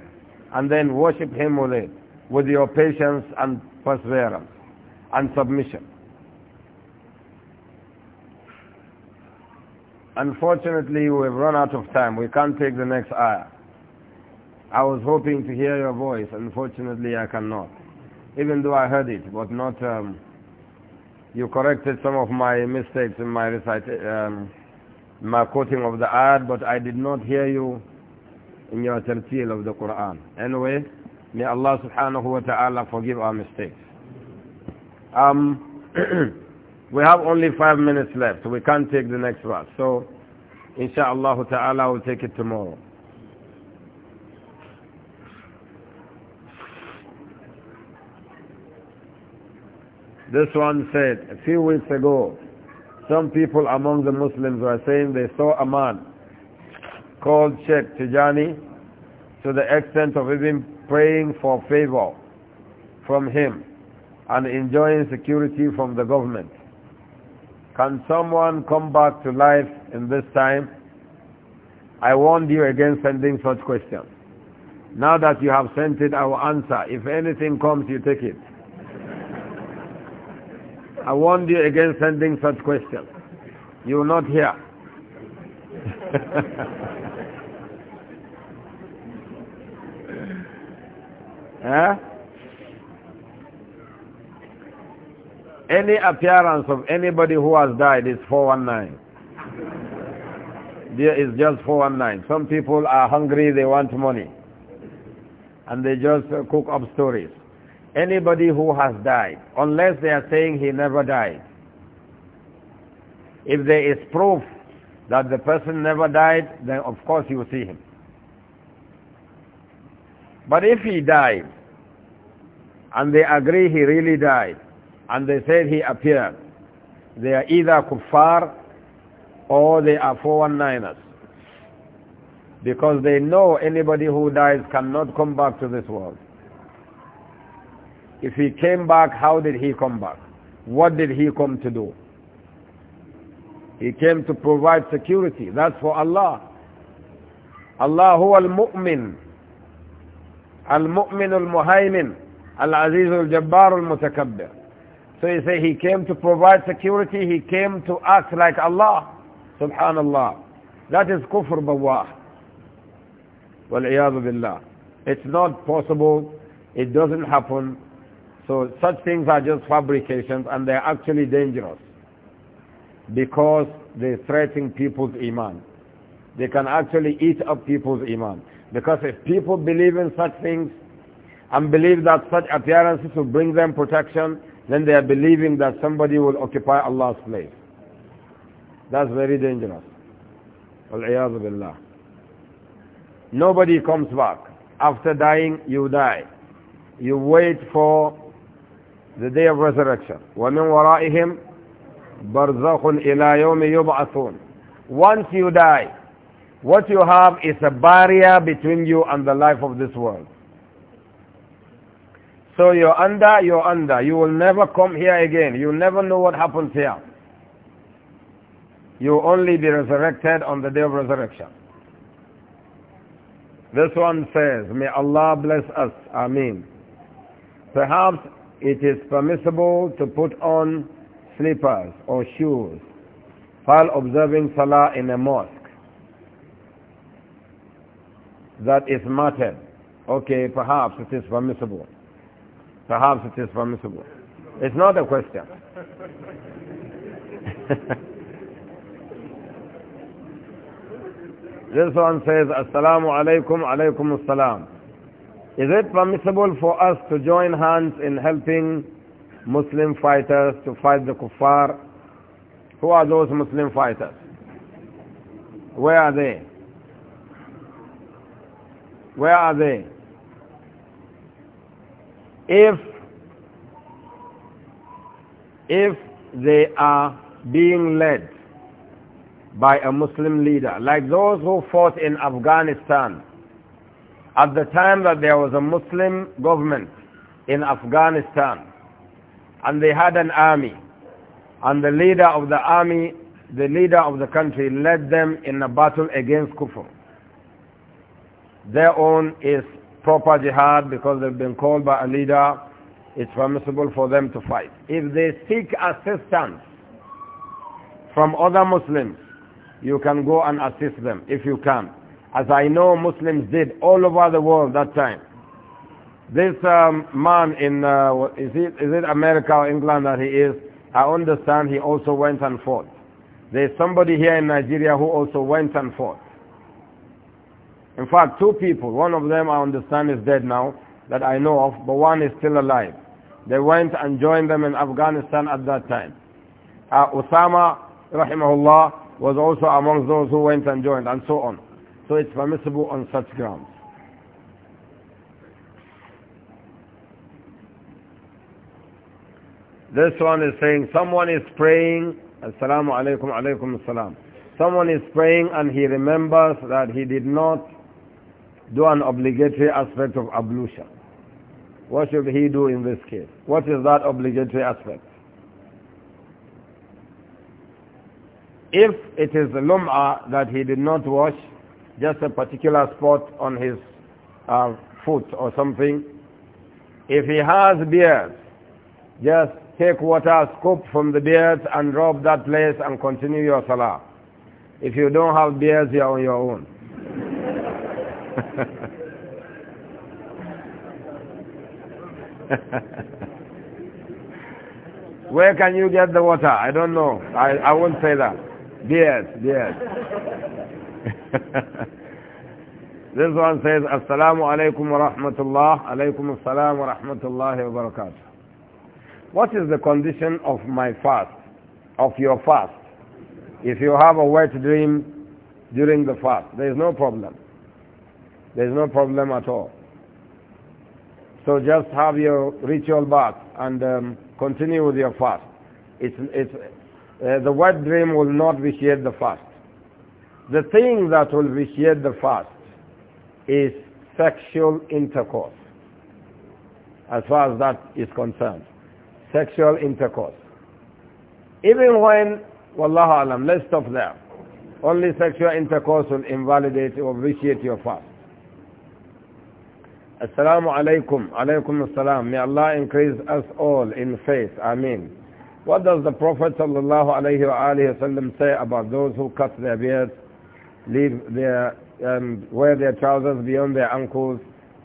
and then worship Him with it, with your patience and perseverance and submission. Unfortunately, we've run out of time. We can't take the next ayah. I was hoping to hear your voice. Unfortunately, I cannot. Even though I heard it, but not... Um, you corrected some of my mistakes in my reciting, um, my quoting of the ayah, but I did not hear you in your tertil of the Quran. Anyway, may Allah subhanahu wa ta'ala forgive our mistakes. Um, We have only five minutes left. We can't take the next one. So, inshallah ta'ala, we'll take it tomorrow. This one said, a few weeks ago, some people among the Muslims were saying they saw a man called Sheikh Tijani to the extent of even praying for favor from him and enjoying security from the government. Can someone come back to life in this time? I warned you against sending such questions. Now that you have sent it, I will answer. If anything comes, you take it. I warned you against sending such questions. You will not hear. eh? Any appearance of anybody who has died is 419. There is just 419. Some people are hungry, they want money. And they just cook up stories. Anybody who has died, unless they are saying he never died. If there is proof that the person never died, then of course you see him. But if he died, and they agree he really died, and they said he appeared. They are either kuffar or they are 419ers. Because they know anybody who dies cannot come back to this world. If he came back, how did he come back? What did he come to do? He came to provide security. That's for Allah. Allah huwa al-mu'min. Al-mu'min al-muhaymin. Al-aziz al-jabbar al-mutakabbir. So he say he came to provide security, he came to act like Allah. Subhanallah. That is kufr bawah. Wal-iyadu billah. It's not possible. It doesn't happen. So such things are just fabrications and they're actually dangerous. Because they threaten people's iman. They can actually eat up people's iman. Because if people believe in such things and believe that such appearances will bring them protection, then they are believing that somebody will occupy Allah's place. That's very dangerous. Nobody comes back. After dying, you die. You wait for the day of resurrection. وَمِنْ وَرَائِهِمْ بَرْزَخٌ إِلَى يَوْمِ يُبْعَثُونَ Once you die, what you have is a barrier between you and the life of this world. So you're under, you're under. You will never come here again. You'll never know what happens here. You'll only be resurrected on the day of resurrection. This one says, May Allah bless us. Ameen. Perhaps it is permissible to put on slippers or shoes while observing Salah in a mosque that is matted. Okay, perhaps it is permissible. Perhaps it is permissible. It's not a question. this one says, Assalamu alaikum, alaikum assalam. Is it permissible for us to join hands in helping Muslim fighters to fight the kuffar? Who are those Muslim fighters? Where are they? Where are they? if if they are being led by a Muslim leader, like those who fought in Afghanistan. At the time that there was a Muslim government in Afghanistan, and they had an army, and the leader of the army, the leader of the country led them in a battle against Kufr. Their own is proper jihad because they've been called by a leader, it's permissible for them to fight. If they seek assistance from other Muslims, you can go and assist them if you can. As I know Muslims did all over the world that time. This um, man in, uh, is, it, is it America or England that he is? I understand he also went and fought. There's somebody here in Nigeria who also went and fought. In fact, two people, one of them I understand is dead now, that I know of, but one is still alive. They went and joined them in Afghanistan at that time. Uh, Osama, rahimahullah, was also amongst those who went and joined, and so on. So it's permissible on such grounds. This one is saying, someone is praying, Assalamu alaikum alaikum assalam. Someone is praying and he remembers that he did not do an obligatory aspect of ablution. What should he do in this case? What is that obligatory aspect? If it is lum'ah that he did not wash, just a particular spot on his uh, foot or something, if he has beard, just take water, scoop from the beard and rub that place and continue your salah. If you don't have beards, you are on your own. Where can you get the water? I don't know. I, I won't say that. Yes, yes. this one says, Assalamu alaikum wa rahmatullah. Alaikum assalam wa rahmatullahi wa barakatuh. What is the condition of my fast, of your fast? If you have a wet dream during the fast, there is no problem. There's no problem at all. So just have your ritual bath and um, continue with your fast. It's, it's, uh, the wet dream will not vitiate the fast. The thing that will vitiate the fast is sexual intercourse, as far as that is concerned. Sexual intercourse. Even when, wallahu alam, let's stop there. Only sexual intercourse will invalidate or vitiate your fast. Assalamu alaikum, alaikum assalam. May Allah increase us all in faith. Ameen. What does the Prophet sallallahu say about those who cut their beards, leave their, um, wear their trousers beyond their ankles,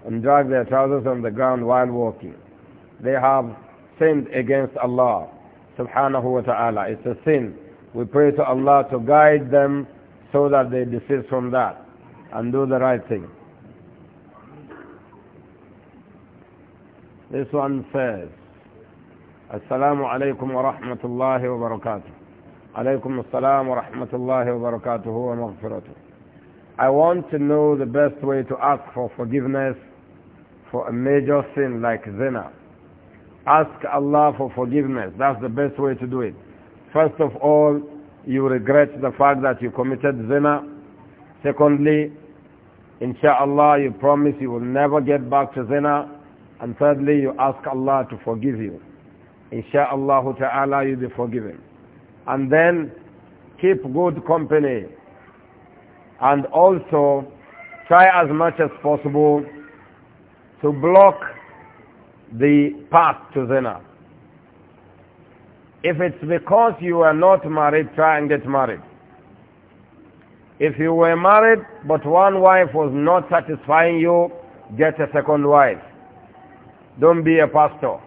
and drag their trousers on the ground while walking? They have sinned against Allah subhanahu wa ta'ala. It's a sin. We pray to Allah to guide them so that they desist from that and do the right thing. This one says, Assalamu alaikum wa rahmatullahi wa barakatuh. Alaykum assalam wa rahmatullahi wa barakatuh wa maghfiratuh. I want to know the best way to ask for forgiveness for a major sin like zina. Ask Allah for forgiveness. That's the best way to do it. First of all, you regret the fact that you committed zina. Secondly, inshallah, you promise you will never get back to zina. And thirdly, you ask Allah to forgive you. Insha'Allah ta'ala, you'll be forgiven. And then keep good company. And also try as much as possible to block the path to zina. If it's because you are not married, try and get married. If you were married but one wife was not satisfying you, get a second wife. Don't be a pastor.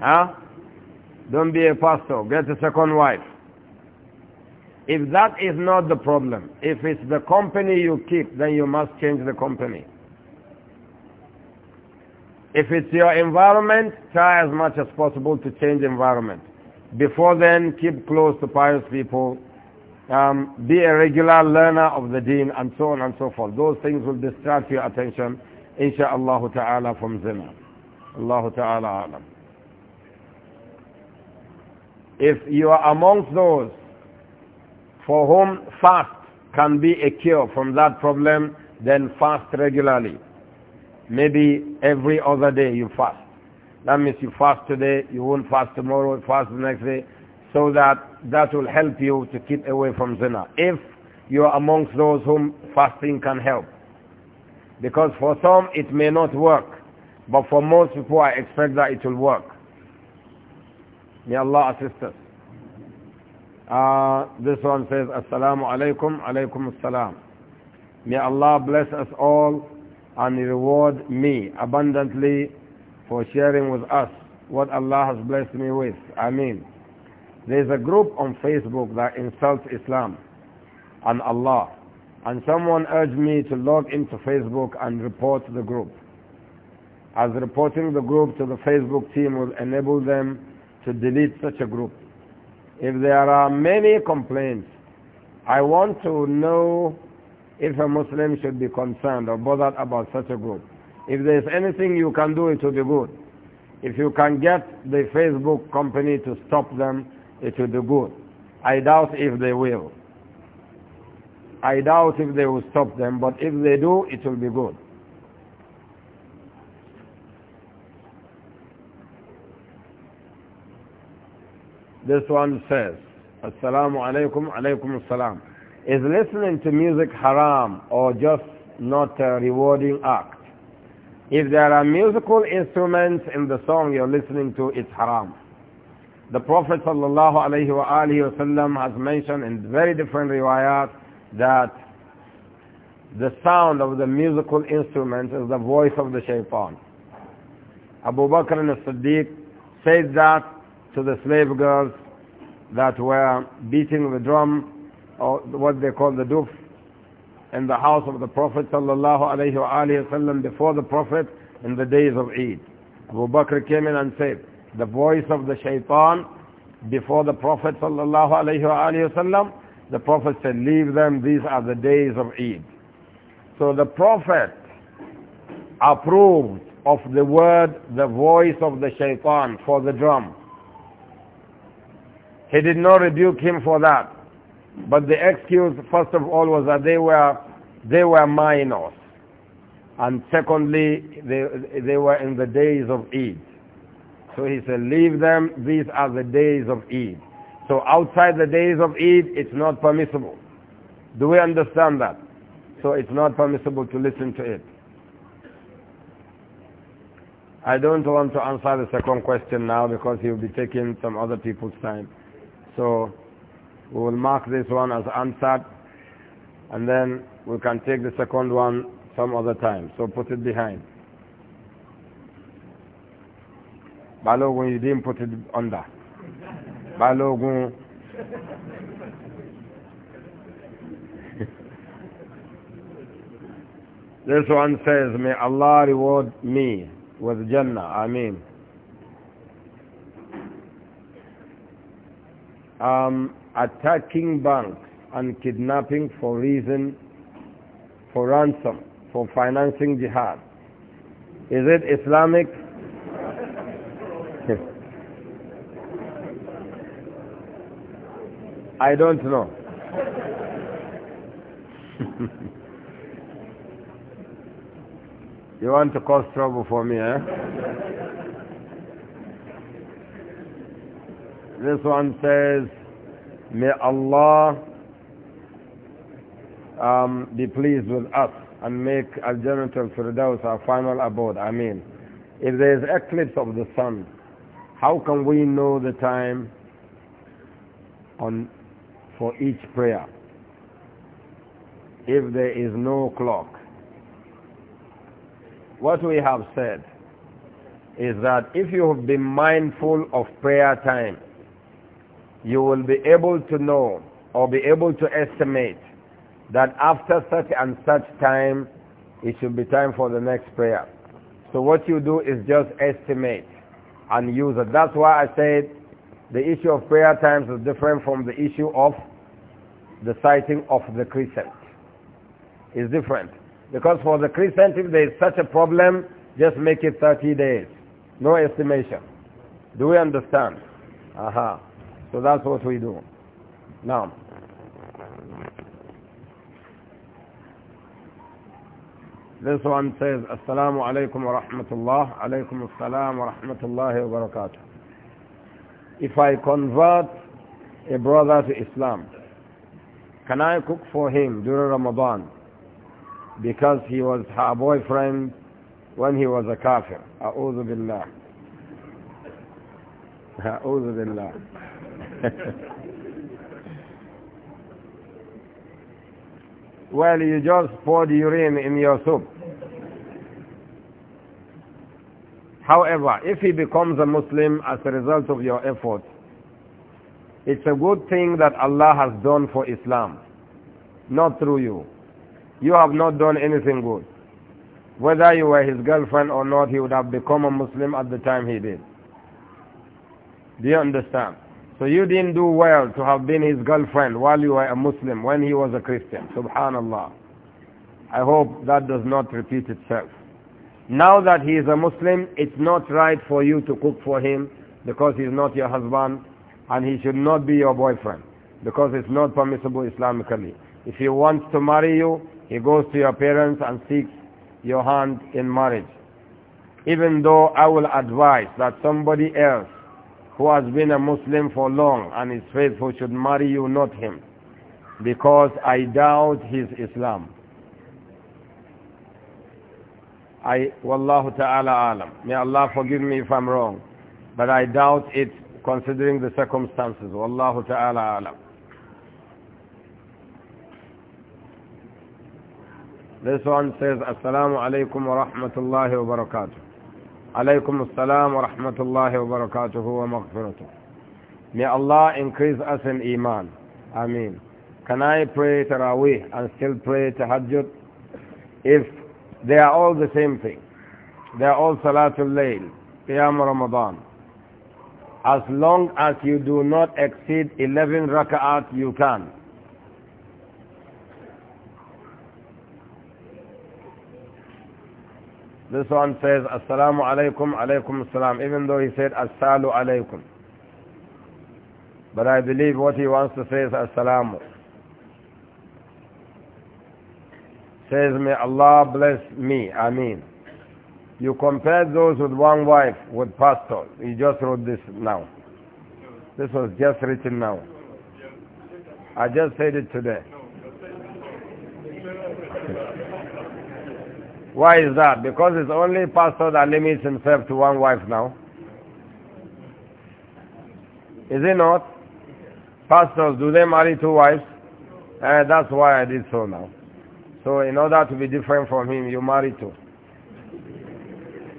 Huh? Don't be a pastor. Get a second wife. If that is not the problem, if it's the company you keep, then you must change the company. If it's your environment, try as much as possible to change environment. Before then, keep close to pious people. Um, be a regular learner of the deen and so on and so forth. Those things will distract your attention insha'Allah ta'ala from zina. Allah ta'ala alam. If you are amongst those for whom fast can be a cure from that problem, then fast regularly. Maybe every other day you fast. That means you fast today, you won't fast tomorrow, fast the next day, so that that will help you to keep away from zina. If you are amongst those whom fasting can help. Because for some it may not work, but for most people I expect that it will work. May Allah assist us. Uh, this one says, Assalamu alaikum, alaikum assalam. May Allah bless us all and reward me abundantly for sharing with us what Allah has blessed me with. I mean, There is a group on Facebook that insults Islam and Allah and someone urged me to log into Facebook and report the group, as reporting the group to the Facebook team will enable them to delete such a group. If there are many complaints, I want to know if a Muslim should be concerned or bothered about such a group. If there is anything you can do, it will be good. If you can get the Facebook company to stop them, it will be good. I doubt if they will. I doubt if they will stop them, but if they do, it will be good. This one says, Assalamu alaikum, alaikum assalam. Is listening to music haram or just not a rewarding act? If there are musical instruments in the song you're listening to, it's haram. The Prophet ﷺ has mentioned in very different riwayat that the sound of the musical instrument is the voice of the shaitan. Abu Bakr as-Siddiq said that to the slave girls that were beating the drum or what they call the doof, in the house of the Prophet sallallahu before the Prophet in the days of Eid. Abu Bakr came in and said, the voice of the shaitan before the Prophet sallallahu the Prophet said, leave them, these are the days of Eid. So the Prophet approved of the word, the voice of the shaitan for the drum. He did not rebuke him for that. But the excuse, first of all, was that they were, they were minors. And secondly, they, they were in the days of Eid. So he said, leave them, these are the days of Eid. So outside the days of Eid, it's not permissible. Do we understand that? So it's not permissible to listen to it. I don't want to answer the second question now because he will be taking some other people's time. So we will mark this one as answered and then we can take the second one some other time. So put it behind. Balogun, you didn't put it under balógun This one says, may Allah reward me with Jannah. Amin. Um, attacking banks and kidnapping for reason, for ransom, for financing jihad. Is it Islamic? I don't know. you want to cause trouble for me, eh? this one says, May Allah um, be pleased with us and make Al-Jannah al-Firdaus our final abode. I mean, if there is eclipse of the sun, how can we know the time on for each prayer if there is no clock. What we have said is that if you have been mindful of prayer time, you will be able to know or be able to estimate that after such and such time, it should be time for the next prayer. So what you do is just estimate and use it. That's why I said the issue of prayer times is different from the issue of the sighting of the crescent. It's different. Because for the crescent, if there is such a problem, just make it 30 days. No estimation. Do we understand? Aha. Uh -huh. So that's what we do. Now. This one says, Assalamu alaikum wa rahmatullah. Alaykum assalam wa rahmatullahi wa barakatuh if I convert a brother to Islam, can I cook for him during Ramadan? Because he was her boyfriend when he was a kafir. A'udhu billah. A'udhu billah. well, you just poured urine in your soup. However, if he becomes a Muslim as a result of your effort, it's a good thing that Allah has done for Islam, not through you. You have not done anything good. Whether you were his girlfriend or not, he would have become a Muslim at the time he did. Do you understand? So you didn't do well to have been his girlfriend while you were a Muslim, when he was a Christian. Subhanallah. I hope that does not repeat itself. Now that he is a Muslim, it's not right for you to cook for him because he's not your husband and he should not be your boyfriend because it's not permissible Islamically. If he wants to marry you, he goes to your parents and seeks your hand in marriage. Even though I will advise that somebody else who has been a Muslim for long and is faithful should marry you, not him, because I doubt his Islam. I, Wallahu ta'ala alam. May Allah forgive me if I'm wrong. But I doubt it considering the circumstances. Wallahu ta'ala alam. This one says, Assalamu alaikum wa rahmatullahi wa barakatuh. Alaykum assalam wa rahmatullahi wa barakatuhu wa maghfiratuh. May Allah increase us in iman. Ameen. Can I pray Taraweeh and still pray Tahajjud? If they are all the same thing. They are all Salatul Layl, Qiyam Ramadan. As long as you do not exceed 11 rak'at, you can. This one says, Assalamu alaikum, alaikum assalam, even though he said, Assalu alaikum. But I believe what he wants to say is, Assalamu. says, May Allah bless me. Ameen. You compare those with one wife, with pastor. You just wrote this now. This was just written now. I just said it today. Why is that? Because it's only pastor that limits himself to one wife now. Is it not? Pastors, do they marry two wives? Uh, that's why I did so now. So in order to be different from him, you marry too.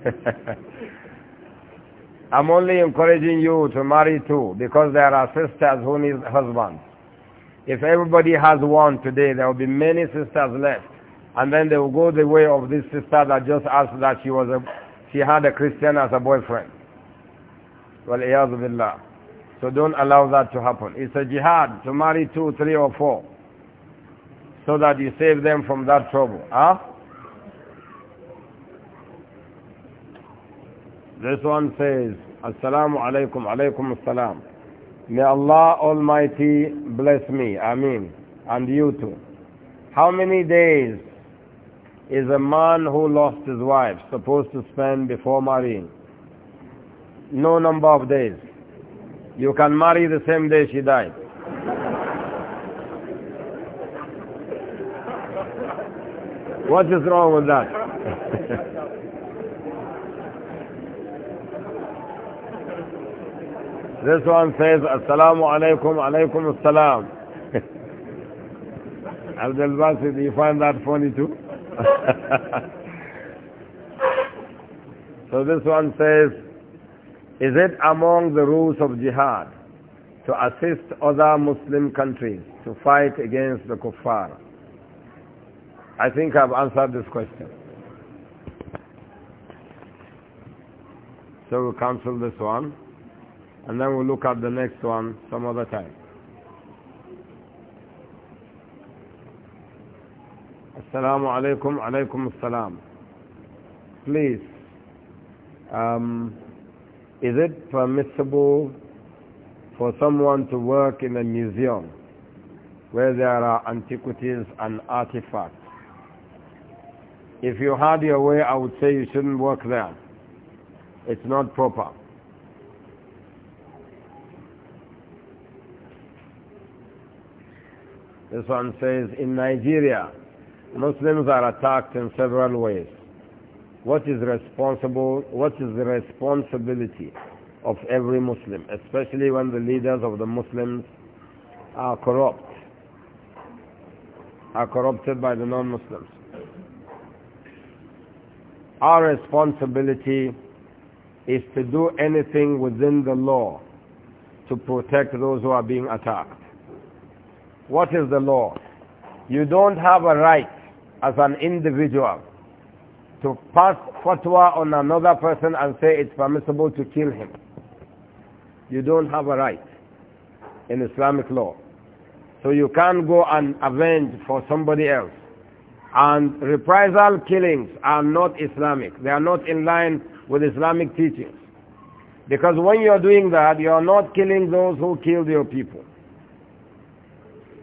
I'm only encouraging you to marry too because there are sisters who need husbands. If everybody has one today, there will be many sisters left. And then they will go the way of this sister that just asked that she was a, she had a Christian as a boyfriend. Well, billah. So don't allow that to happen. It's a jihad to marry two, three or four so that you save them from that trouble. Huh? This one says, Assalamu alaikum, alaikum assalam. May Allah Almighty bless me, Ameen, and you too. How many days is a man who lost his wife supposed to spend before marrying? No number of days. You can marry the same day she died. What is wrong with that? this one says, Assalamu alaikum, alaikum assalam. Abdul Basit, you find that funny too? so this one says, is it among the rules of jihad to assist other Muslim countries to fight against the kuffar? I think I've answered this question. So we'll cancel this one. And then we'll look at the next one some other time. Assalamu alaikum, alaikum assalam. Please, um, is it permissible for someone to work in a museum where there are antiquities and artifacts? If you had your way, I would say you shouldn't work there. It's not proper. This one says, in Nigeria, Muslims are attacked in several ways. What is responsible, what is the responsibility of every Muslim, especially when the leaders of the Muslims are corrupt, are corrupted by the non-Muslims? our responsibility is to do anything within the law to protect those who are being attacked. What is the law? You don't have a right as an individual to pass fatwa on another person and say it's permissible to kill him. You don't have a right in Islamic law. So you can't go and avenge for somebody else and reprisal killings are not Islamic. They are not in line with Islamic teachings. Because when you are doing that, you are not killing those who killed your people.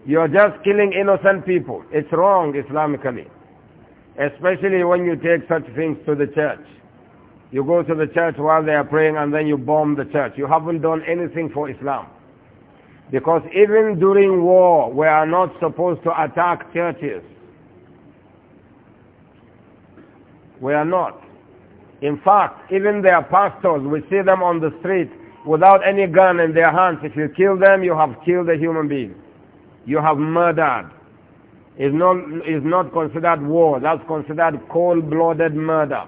You are just killing innocent people. It's wrong Islamically. Especially when you take such things to the church. You go to the church while they are praying and then you bomb the church. You haven't done anything for Islam. Because even during war, we are not supposed to attack churches We are not. In fact, even their pastors, we see them on the street without any gun in their hands. If you kill them, you have killed a human being. You have murdered. It's not, it's not considered war. That's considered cold-blooded murder.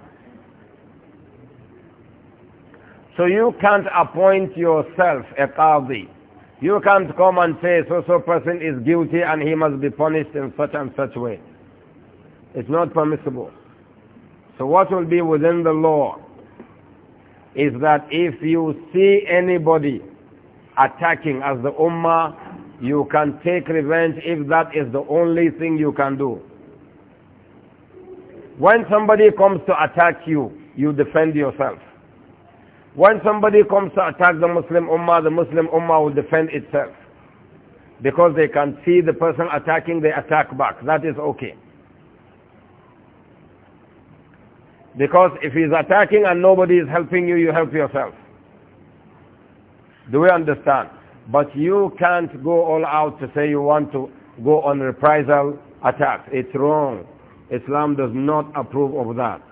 So you can't appoint yourself a qadi. You can't come and say so-so person is guilty and he must be punished in such and such way. It's not permissible. So what will be within the law is that if you see anybody attacking as the ummah, you can take revenge if that is the only thing you can do. When somebody comes to attack you, you defend yourself. When somebody comes to attack the Muslim Ummah, the Muslim Ummah will defend itself. Because they can see the person attacking, they attack back. That is okay. Because if he's attacking and nobody is helping you, you help yourself. Do we understand? But you can't go all out to say you want to go on reprisal attacks. It's wrong. Islam does not approve of that.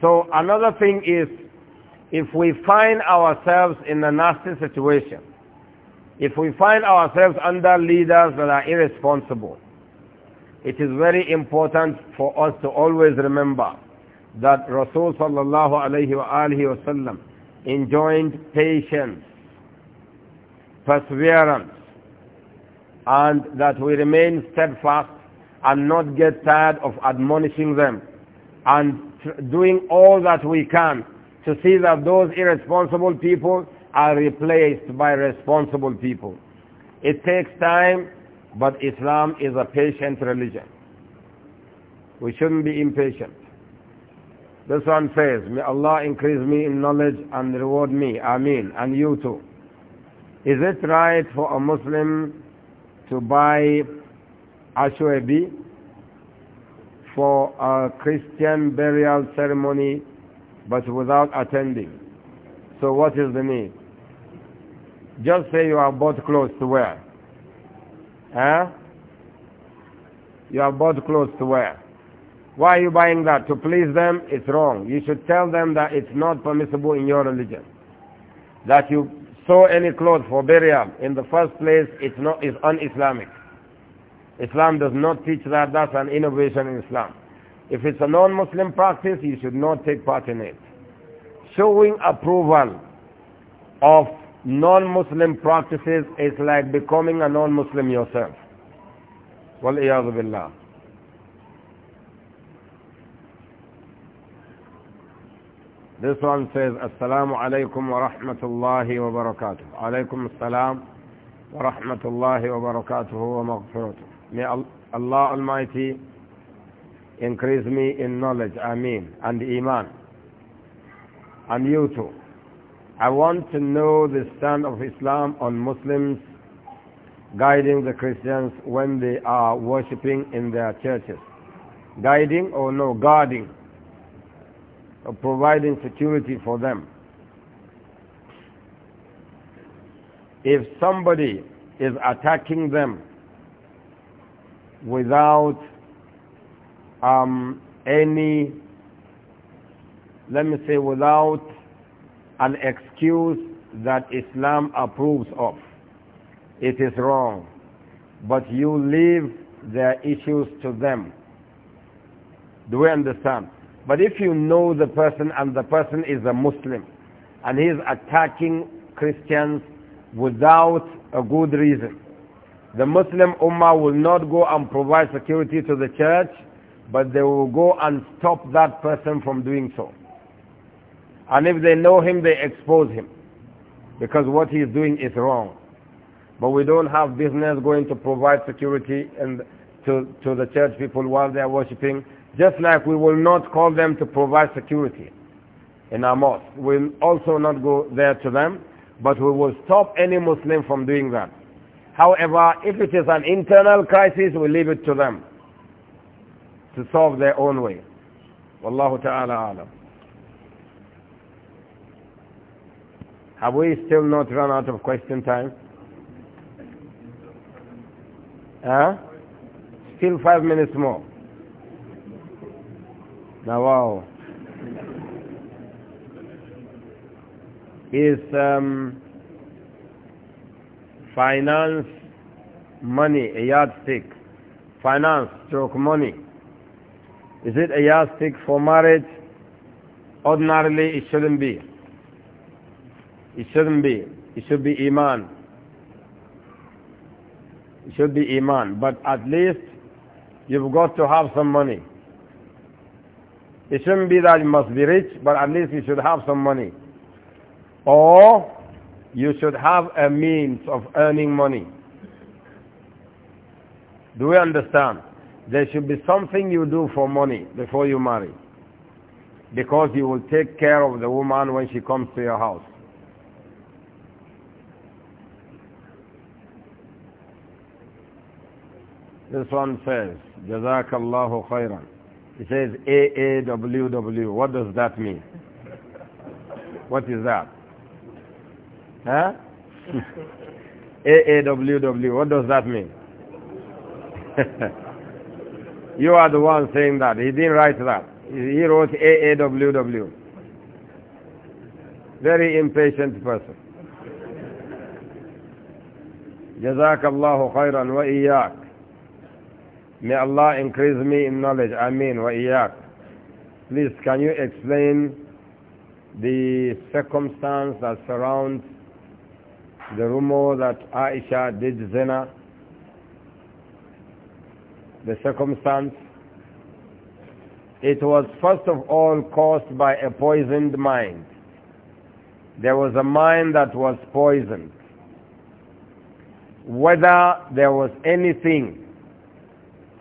So another thing is, if we find ourselves in a nasty situation, if we find ourselves under leaders that are irresponsible, it is very important for us to always remember that Rasul sallallahu alayhi wa sallam enjoined patience, perseverance, and that we remain steadfast and not get tired of admonishing them and doing all that we can to see that those irresponsible people are replaced by responsible people. It takes time but Islam is a patient religion. We shouldn't be impatient. This one says, May Allah increase me in knowledge and reward me. Ameen. And you too. Is it right for a Muslim to buy ashwabi for a Christian burial ceremony but without attending? So what is the need? Just say you are bought clothes to wear. Huh? You have bought clothes to wear. Why are you buying that? To please them, it's wrong. You should tell them that it's not permissible in your religion. That you sew any clothes for burial, in the first place, it's, not, it's un-Islamic. Islam does not teach that. That's an innovation in Islam. If it's a non-Muslim practice, you should not take part in it. Showing approval of non-Muslim practices is like becoming a non-Muslim yourself. وَالْإِيَاذُ بِاللَّهِ This one says, Assalamu alaikum wa rahmatullahi wa barakatuh. Alaykum assalam wa rahmatullahi wa barakatuh wa maghfiratuh. May Allah Almighty increase me in knowledge, I mean, and iman. And you too. I want to know the stand of Islam on Muslims guiding the Christians when they are worshipping in their churches. Guiding or no, guarding. Or providing security for them. If somebody is attacking them without um, any, let me say, without an excuse that Islam approves of. It is wrong. But you leave their issues to them. Do we understand? But if you know the person and the person is a Muslim and he is attacking Christians without a good reason, the Muslim Ummah will not go and provide security to the church, but they will go and stop that person from doing so. And if they know him, they expose him. Because what he is doing is wrong. But we don't have business going to provide security and to, to the church people while they are worshipping. Just like we will not call them to provide security in our mosque. We'll also not go there to them, but we will stop any Muslim from doing that. However, if it is an internal crisis, we leave it to them to solve their own way. Wallahu ta'ala alam. Have we still not run out of question time? Huh? Still five minutes more. Now, wow. Is um, finance money a yardstick? Finance stroke money. Is it a yardstick for marriage? Ordinarily, it shouldn't be. It shouldn't be. It should be Iman. It should be Iman. But at least you've got to have some money. It shouldn't be that you must be rich, but at least you should have some money. Or you should have a means of earning money. Do we understand? There should be something you do for money before you marry. Because you will take care of the woman when she comes to your house. This one says, Jazakallahu khairan. It says AAWW. What does that mean? What is that? Huh? AAWW. What does that mean? you are the one saying that. He didn't write that. He wrote AAWW. Very impatient person. JazakAllahu Khairan wa Iyaak. May Allah increase me in knowledge. Ameen. Wa iyak. Please, can you explain the circumstance that surrounds the rumor that Aisha did zina? The circumstance? It was first of all caused by a poisoned mind. There was a mind that was poisoned. Whether there was anything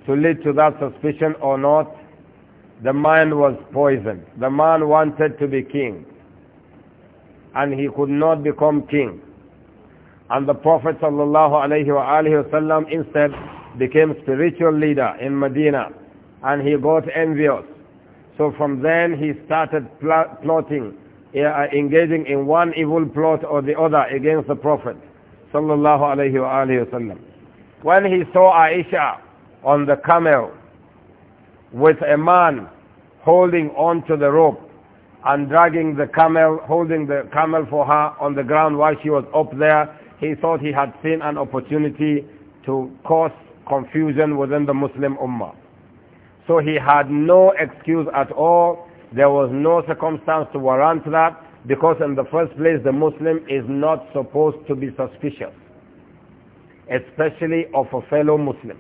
to lead to that suspicion or not, the man was poisoned. The man wanted to be king. And he could not become king. And the Prophet ﷺ instead became spiritual leader in Medina. And he got envious. So from then he started pl plotting, uh, engaging in one evil plot or the other against the Prophet ﷺ. When he saw Aisha, on the camel with a man holding on to the rope and dragging the camel, holding the camel for her on the ground while she was up there. He thought he had seen an opportunity to cause confusion within the Muslim Ummah. So he had no excuse at all. There was no circumstance to warrant that because in the first place the Muslim is not supposed to be suspicious, especially of a fellow Muslim.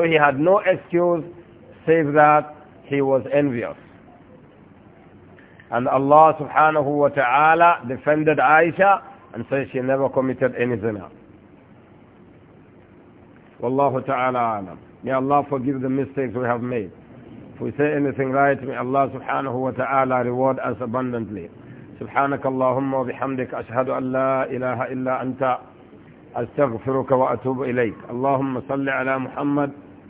So he had no excuse save that he was envious. And Allah subhanahu wa ta'ala defended Aisha and said she never committed any zina. Wallahu ta'ala alam. May Allah forgive the mistakes we have made. If we say anything right, may Allah subhanahu wa ta'ala reward us abundantly. سبحانك اللهم وبحمدك أشهد أن لا إله إلا أنت أستغفرك وأتوب إليك اللهم صل على محمد